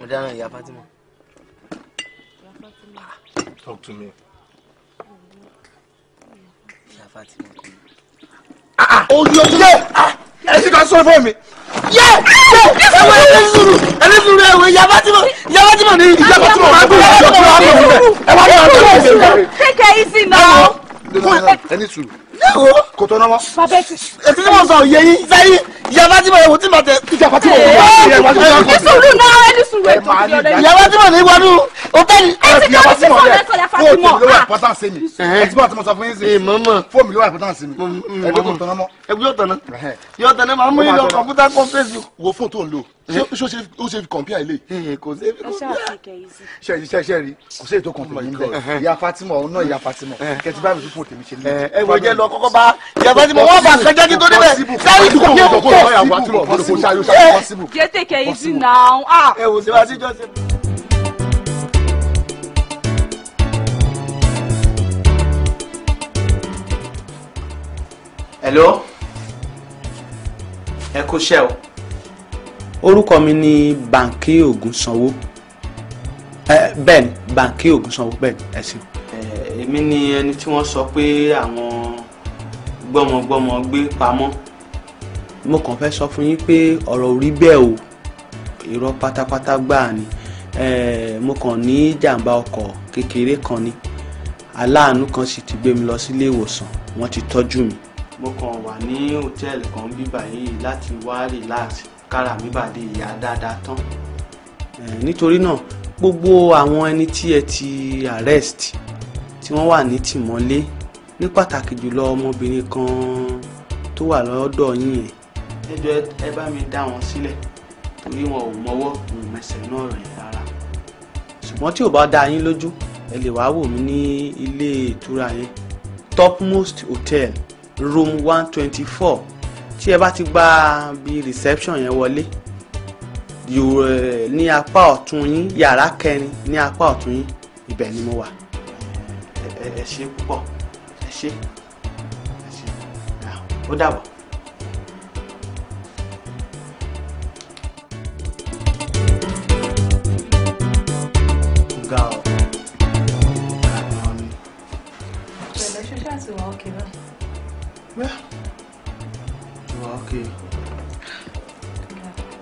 C: mo dáràn ìyá Fatima. talk to me. ìyá Fatima kò ní. ojú ojú yẹ ẹ ti ka sọ fún mi. yẹ yẹ ẹ wọ ẹni sùúrù ẹni sùúrù ẹ wọ ìyá Fatima ìyá Fatima ni ìyá Fatima máa gbé ìyá Fatima máa gbé
D: ẹ wá ní ọjọ́ ìgbésẹ̀. take it easy now. ẹni sùúrù wo kò tọ́
C: náwó. ètí
D: tí mo sọ òye yín sẹ́yìn ìyàwó tí mo yẹ wò tí mo tẹ. ìjàpá tí mo wò wá. ẹni sùúrù náà ẹni sùúrù ètò ìjọba. ìyàwó tí mo ní wọnú o fẹ́ ni. ẹ ti kọ́ sí fún ọ̀rẹ́ sọ̀rọ̀ fatima. fóònù mi ló wà pọ́tà sí mi. ẹtí bá ti mọ̀ sọ fún yín sí. fóònù mi ló wà pọ́tà sí mi. ẹgbẹ́ kò tán mọ́. ẹgbẹ́ yóò tán ná. yóò eh. tán ná màá mú yín lọ kọ̀ǹpútà kọ́ńfẹ́sì. wo fóònù tó ń lò eh. ṣé ó ṣe fi kọ̀ǹpíà ilé. Eh, kò sí ebi kọ̀ǹpíà. ṣe ṣe ṣe rí kò sí ètò kọ̀ǹpíà yìí lọ. ìyá fatima òun náà ìyá fatima kẹtí báyìí fún tèmi ṣe lé. ẹ wò jẹ lọ kọ́kọ́ bá ìyá fatima wọn bá kẹjẹ kí tó débẹ̀. sáré dùkọ̀ yóò kọ̀ ọ́ yà wá tí
A: mo kọ́ sí.
D: jẹ́ tẹ̀kẹ̀ yìí sí náà. ẹ wò sí wá sí jọ́sẹ̀.
E: hello ẹ kó ṣẹ́ o. orúkọ mi ni Banky Ògúnsanwó bẹ́ẹ̀ ni Banky Ògúnsanwó bẹ́ẹ̀ ni ẹ ṣeun. èmi ni ẹni tí wọ́n sọ pé àwọn gbọ́mọgbọ́mọ gbé pamọ́. mo kàn fẹ́ sọ fún yín pé ọ̀rọ̀ ò rí bẹ́ẹ̀ o irọ́ pátápátá gbáà ni mo kàn ní jàǹbá ọkọ̀ kékeré kan ni aláàánú kan sì ti gbé mi lọ sílé ìwòsàn wọ́n ti tọ́jú mi mo kàn wà ní hòtẹ́ẹ̀lì kan bíbà yìí láti wá relax kára mi bá lè yá dáadáa tán nítorí náà gbogbo àwọn ẹni tí ẹ ti arrest tí wọ́n wà ní tìmọ́lé ní pàtàkì jùlọ ọmọbìnrin kan tó wà lọ́dọ̀ yín yẹn ẹjọ́ ẹ bá mi dá wọn sílẹ̀ torí wọn ò mọwọ́ òun mẹsẹ̀ náà rẹ̀ rárá ṣùgbọ́n tí ò bá dá yín lójú ẹ lè wá wò mí ní ilé ìtura yẹn topmost hotel room one twenty four tí ẹ bá ti gba bí reception yẹn wọlé eh, ní apá ọ̀tún yín yàrá kẹrin ní apá ọ̀tún yín ibẹ̀ ni mo wà ẹ ṣe púpọ̀ ẹ ṣe ẹ ṣe ó dàbọ̀.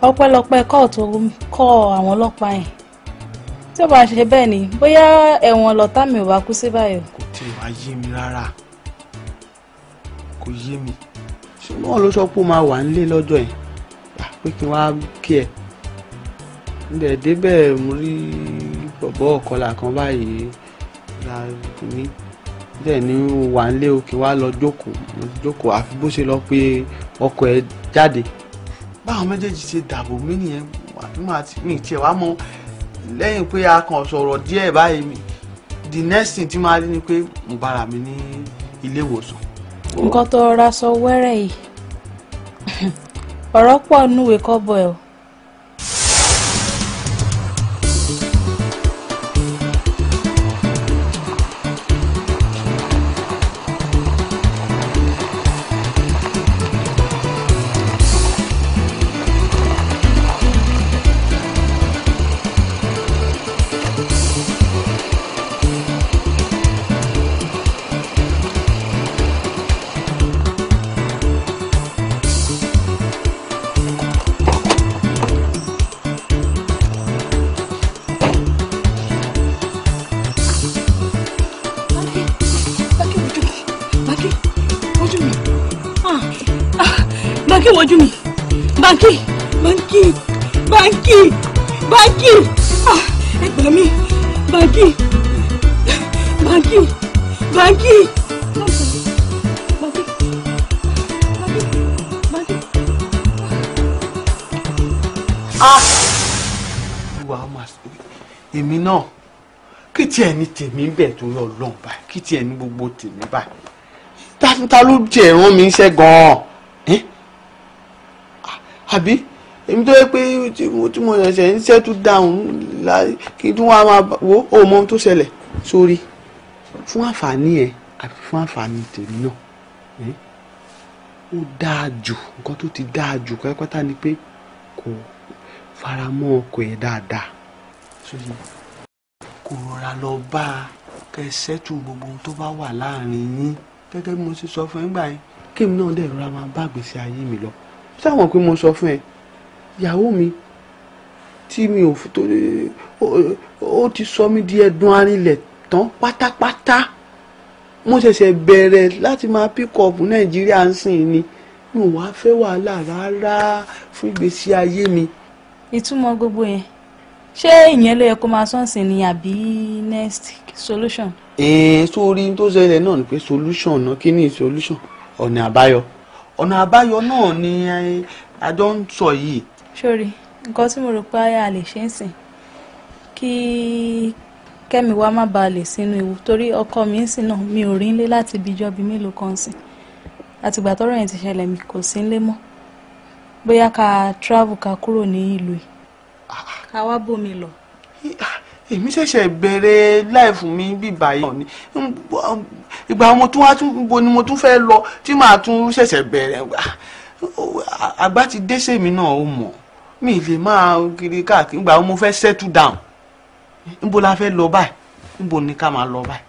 B: ọpẹ́lọpẹ́ kọ́ tó àwọn ọlọ́pàá yẹn tí ó bá ṣe bẹ́ẹ̀ ni bóyá ẹ̀wọ̀n lọ́tà mi ò bá kú sí báyìí. kò
E: tí ì wá yé mi rárá kò yé mi ṣùgbọ́n ló sọ pé ó máa wà nílé lọ́jọ́ yẹn pé kí n wá kí ẹ ǹdẹ̀ débẹ̀ mo rí bọ̀bọ̀ ọ̀kọlà kan báyìí la ní bẹ́ẹ̀ ni wà nílé o kí n wá lọ jókòó jókòó àfi bó ṣe lọ pé ọkọ̀ ẹ jáde báwọn méjèèjì ṣe dàbò mí nìyẹn mi tiẹ̀ wá mọ lẹ́yìn pé a kàn sọ̀rọ̀ díẹ̀ báyìí mi the next thing tí máa rí ni pé mo bára mi ní ilé ìwòsàn. nǹkan
B: tó rọra sọ wẹ́rẹ́ yìí ọ̀rọ̀ pọ̀ núwèé kọ́bọ̀ ẹ̀ o.
E: tiẹ̀ ní tèmi ń bẹ̀ torí ọlọ́run báyìí kí tiẹ̀ ní gbogbo tèmi báyìí táfúta ló jẹ́ ẹ̀rán mi iṣẹ́ gan-an àbí èmi tó yẹ pé tí mo ṣẹ̀ṣẹ̀ ń ṣẹ́tù dáhùn kí tí wọ́n á máa wo ó mọ ohun tó ṣẹlẹ̀ sórí fún àǹfààní ẹ̀ àti fún àǹfààní tèmi náà ó dáa jù nǹkan tó ti dáa jù pátápátá ni pé kò faramọ́ ọkọ ẹ̀ dáadáa kò rọra lọ bá a kẹ sẹ́tù gbogbo ohun tó bá wà láàrin yín gẹ́gẹ́ bí mo ṣe sọ fún ẹ nígbà yẹn kí èmi náà dẹ̀ rọra máa bá ìgbésí ayé mi lọ sáwọn pé mo sọ fún ẹ ìyàwó mi tí mi ò fi tó ó ti sọ mí di ẹdun arinlẹ̀ tán pátápátá mo ṣẹ̀ṣẹ̀ bẹ̀rẹ̀ láti máa píkọ̀pù nàìjíríà ń sìn ni mi ò wá fẹ́ wàhálà rárá fún ìgbésí ayé mi.
B: ìtumọ̀ gbogbo yẹn ṣé ìyẹn ló yẹ kó máa sọ́ǹsìn ni àbí next
E: solution. ẹ̀ẹ́n sórí tó ṣẹlẹ̀ náà ni pé solution náà kí ni solution ọ̀nà àbáyọ ọ̀nà àbáyọ náà ni eh, a jọ ń sọ yìí. sori nǹkan tí
B: mo rò pé aya lè ṣe ń sìn kí kẹ́mi wa má baà lè sínú ewu torí ọkọ mi ń sìn náà mi ò rí nlé láti ibi ìjọba mélòó kan sìn àtìgbà tọ́rọ̀ yẹn ti ṣẹlẹ̀ mi kò sí nlé mọ́ bóyá ká travel ká kúrò ní ìlú yìí
E: káwá bómi lọ. èmi ṣẹ̀ṣẹ̀ bẹ̀rẹ̀ láìfù mi bí báyìí ni ìgbà mo tún wá tún bo ni mo tún fẹ́ lọ tí màá tún ṣẹ̀ṣẹ̀ bẹ̀rẹ̀ àgbà ti dé sèmi náà ó mọ̀ mi lè máa kiri káàkiri ìgbà mo fẹ́ settle down níbo la fẹ́ lọ báyìí níbo ni ká máa lọ báyìí.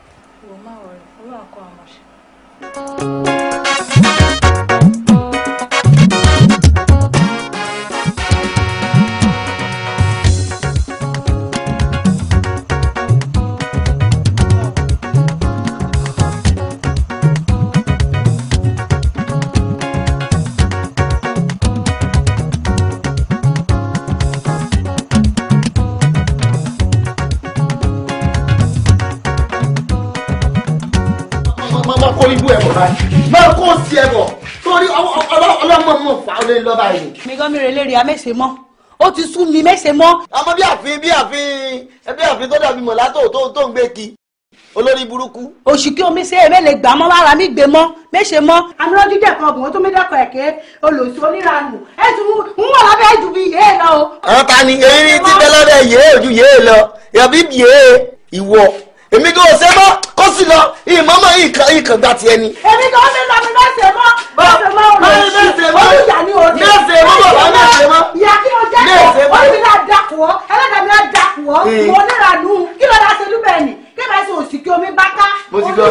D: orí ibú ẹ̀bọ̀ báyìí máa kó sí ẹ̀bọ̀ torí ọlọ́mọ mọ̀ fà ó lé lọ́ba yìí.
C: mi gan mi lérí amẹ́sẹ̀ mọ́
D: ó ti sú mi mẹ́sẹ̀ mọ́. àmọ́ bí àfin bí àfin bí àfin tó dàbí mọ̀lá tó tó ń gbé kí
C: olórí burúkú. oṣù kí omi ṣe é mẹ́lẹ̀ gbà mọ́ wàrà mi gbé mọ́ méṣe mọ́. àmì lọ́jọ́ dẹ̀kan ọ̀gbìn tó mi dẹ́kọ̀ ẹ̀kẹ́ olùsọ oníranù ẹ ti ń wọ̀ lábẹ́ ju bí yéé lọ o.
D: ọ̀tá ni èyí ti bẹ́ lọ́dẹ̀ yéé ju yéé lọ yọ̀bí yéé ìwọ èmi kò ṣe mọ́ kó sì lọ ìmọ̀mọ́ ìkàn gba tiẹ̀ ni. èmi kò ṣe lọ mi mẹ́sẹ̀ mọ́ mẹ́sẹ̀ mọ́ mẹ́sẹ̀ mọ́ olùyà ni o ti mẹ́sẹ̀ mọ́ bàbá mẹ́sẹ̀ mọ́
C: ìyá kí o jẹ́ kó olùyà náà dàkú ọ ẹlẹ́dàá mi náà dàkú hmm. ọ mo níra nù kí ló dá sẹ́lú bẹ́ẹ̀ ni kí bá ṣe òsì kí omi bá ká olùyà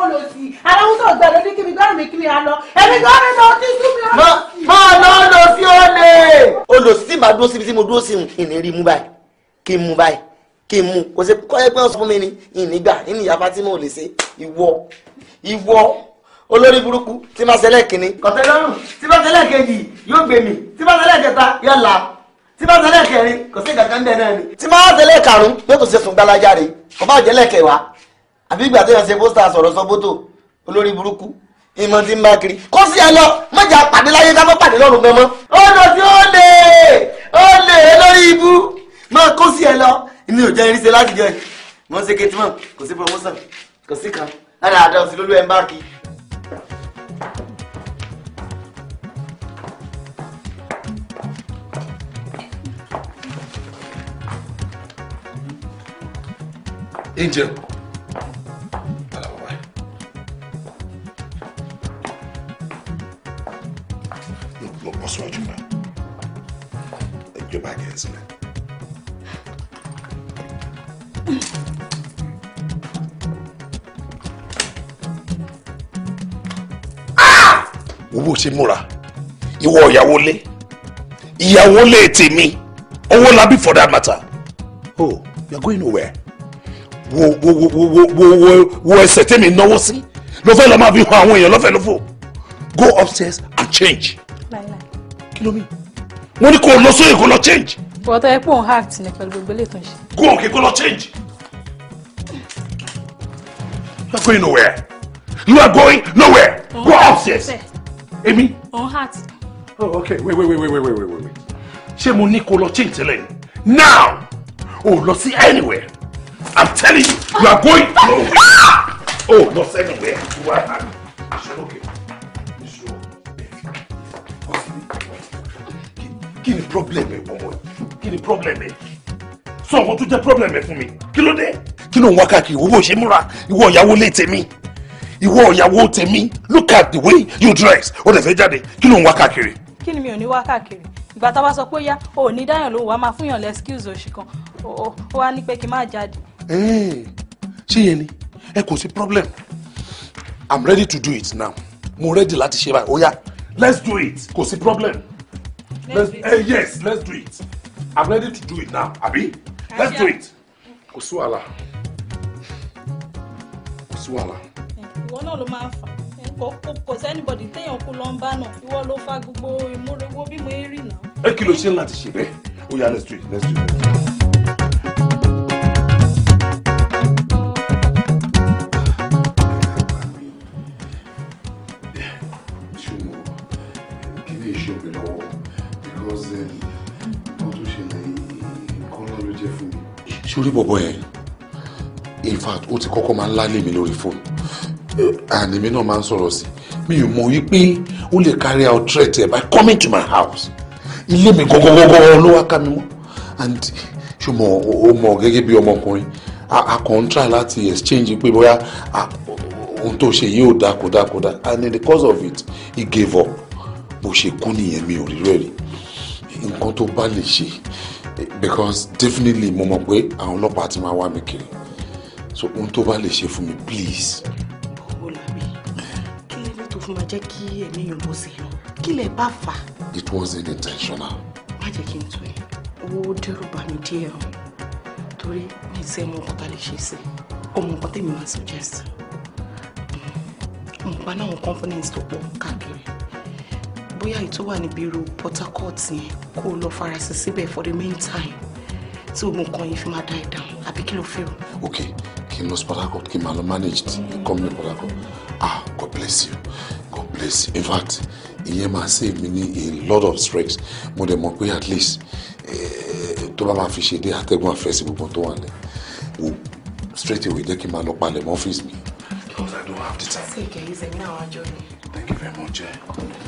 C: olùsì aláwọ̀ tó gbẹ̀rẹ̀ ní kí mi gbẹ̀rẹ̀ mi kiri àlọ́ èmi kò ṣe lọ ti sú mi. máa lọ lọ sí olè.
D: olùsí máa dúró síbi tí mo dúró sí ìnírí mú báyìí kí n mú báyìí kí n mú kò sí kọ́ ẹ pé ó sọ fún mi ni ìnígbà nínú ìyàbá tí mo lè ṣe ìwọ ìwọ olórí burúkú tí máa ṣẹlẹ̀ kìíní. kọ̀tẹ́ lọ́rùn tí máa ṣẹlẹ̀ kejì yóò gbé mi tí máa ṣẹlẹ̀ kẹta yóò là tí máa ṣẹlẹ̀ kẹrin kò sí kankan bẹ́ẹ̀ náà ni. tí máa ṣẹlẹ̀ karùn-ún yóò tún ṣe fún gbalaja rẹ̀ kò bá jẹ́lẹ̀ kẹwàá àbí ìgbà tó yàn ṣe pósítà sọ̀rọ̀ sọ bótò olórí burúkú ìmọ̀ tí ń bá kiri kó sì ẹ lọ mọ̀jà pàdé láyé ká pàdé lọ́run gan mọ́. ọ̀nà tí ó lè ó lè lórí ibú máa kó sí ẹ lọ ní òjẹ́ irinṣẹ́ láti jẹ́ wọ́n ṣe kẹtìmọ̀ kò sí promotion kò sí kan lára àdá òsì lólú ẹ̀ ń bá kí.
A: Angel. Look, look, what's wrong with you, man? Your back is, man. bó ṣe múra ìwọ ìyàwó lé ìyàwó lé tèmi owó labi for that matter oh you are going nowhere wo wo wo wo wo wo wo wo ẹsẹ̀ tèmi náwó sí ló fẹ́ lọ máa fi hàn àwọn èèyàn lọ́fẹ̀ẹ́ lófò go upstairs and change kí ló mi wọ́n ní kó o lọ sóyè kó lọ change.
B: bọ́tọ̀ ẹ pọ̀ ń act ní pẹ̀lú gbogbo ilé ìtàn ṣe.
A: go òkè kó lọ change. you are going nowhere you are going nowhere go oh, upstairs èmi. on heart. oh okay wait wait wait wait wait wait wait ṣé mo ní kó lọ change tẹ́lẹ̀ ni now o oh, lọ sí anywhere i'm telling you you are going no o oh, lọ sí anywhere you are happy okay. kí ni problem ẹ wọ́n kí ni problem ẹ sọ nǹkan tó jẹ́ problem ẹ fún mi kí ló dé kí ló ń wá káàkiri owó ìṣemúra ìwọ ìyàwó lè tèmi ìwọ ìyàwó tèmi look at the way you dress ó dẹ̀ fẹ́ jáde kí ló ń wá káàkiri.
B: kí ni mi ò ní wá káàkiri ìgbà tá a bá sọ pé yá o ò ní dáyàn ló wàá máa fún yàn lẹ́skíùsì oṣù kan ó wá ní pé kí n má jáde.
A: Eh, ṣé ni ẹ kò sí problem i'm ready to do it now mo ready láti ṣe báyìí ó let's do it kò sí problem let's eh, yes let's do it i'm ready to do it now abi let's do it kò sí wàhálà kò sí wàhálà
B: òun náà ló máa fà kò sẹ́nibọ̀dì téèyàn kú lọ ń bá náà ìwọ ló fa gbogbo ìmúrewó bí mo ń rìn náà.
A: ẹ kí ló ṣe ń láti ṣe bẹ́ẹ̀ ó yá let's do it let's do in fact ó ti kọ́kọ́ máa ń lálé mi lórí fóònù ànímí náà máa ń sọ̀rọ̀ sí mi ò mọ̀ wípé ó lè carry out threat by coming to my house ilé mi gọ́gọ́gọ́gọ́ ló wá ká mi mọ́ and ṣùgbọ́n ó mọ̀ gẹ́gẹ́ bí ọmọkùnrin a kàn ń try láti exchange pé bóyá ohun tó ṣe yìí ò dáa kò dáa kò dáa and in the course of it he gave up bó ṣe kú nìyẹn mi ò rí rẹ̀ rí nǹkan tó bá lè ṣe because definitely mo mọ̀ pé àwọn ọlọ́pàá ti máa wá mi kiri so ohun tó bá lè ṣe fún mi please
C: tún máa jẹ́ kí ẹ̀mí èèyàn bọ́ sẹ́nu kí lè bá fà.
A: it was intentional. má jẹ́ kí n tún yẹn
C: owó dẹ́rù bá mi díẹ̀ o torí mi ì sẹ́ mọ ọkọ̀ tá a lè ṣe sí ọmọ nǹkan tèmi máa suggest hmm. mo pa náà companies tó pọ̀ káàkiri bóyá èyí tó wà níbi irú Port Harcourt yẹn kó o lọ farasin síbẹ̀ for the meantime tí ogun kan yìí fi máa dá ẹ̀ dáhùn àbí kí ló fẹ́ o. ok
A: kí n lọ sí Port Harcourt kí n máa lọ manage ti company Port Harcourt ah god bless you god bless you in fact ìyẹn máa save mi ní a lot of stress mo dẹ̀ mọ̀ pé at least eh, tó bá máa fi ṣe dé àtẹ̀gùn àfẹ́sí gbogbo to wà lẹ̀ wò straight away jẹ́ kí n máa lọ palẹ̀ mọ́ ọ́fíìsì mi because i don't have the time. ṣé ìkẹyìn sẹ́mi náà wájú ni. thank you very much. Eh?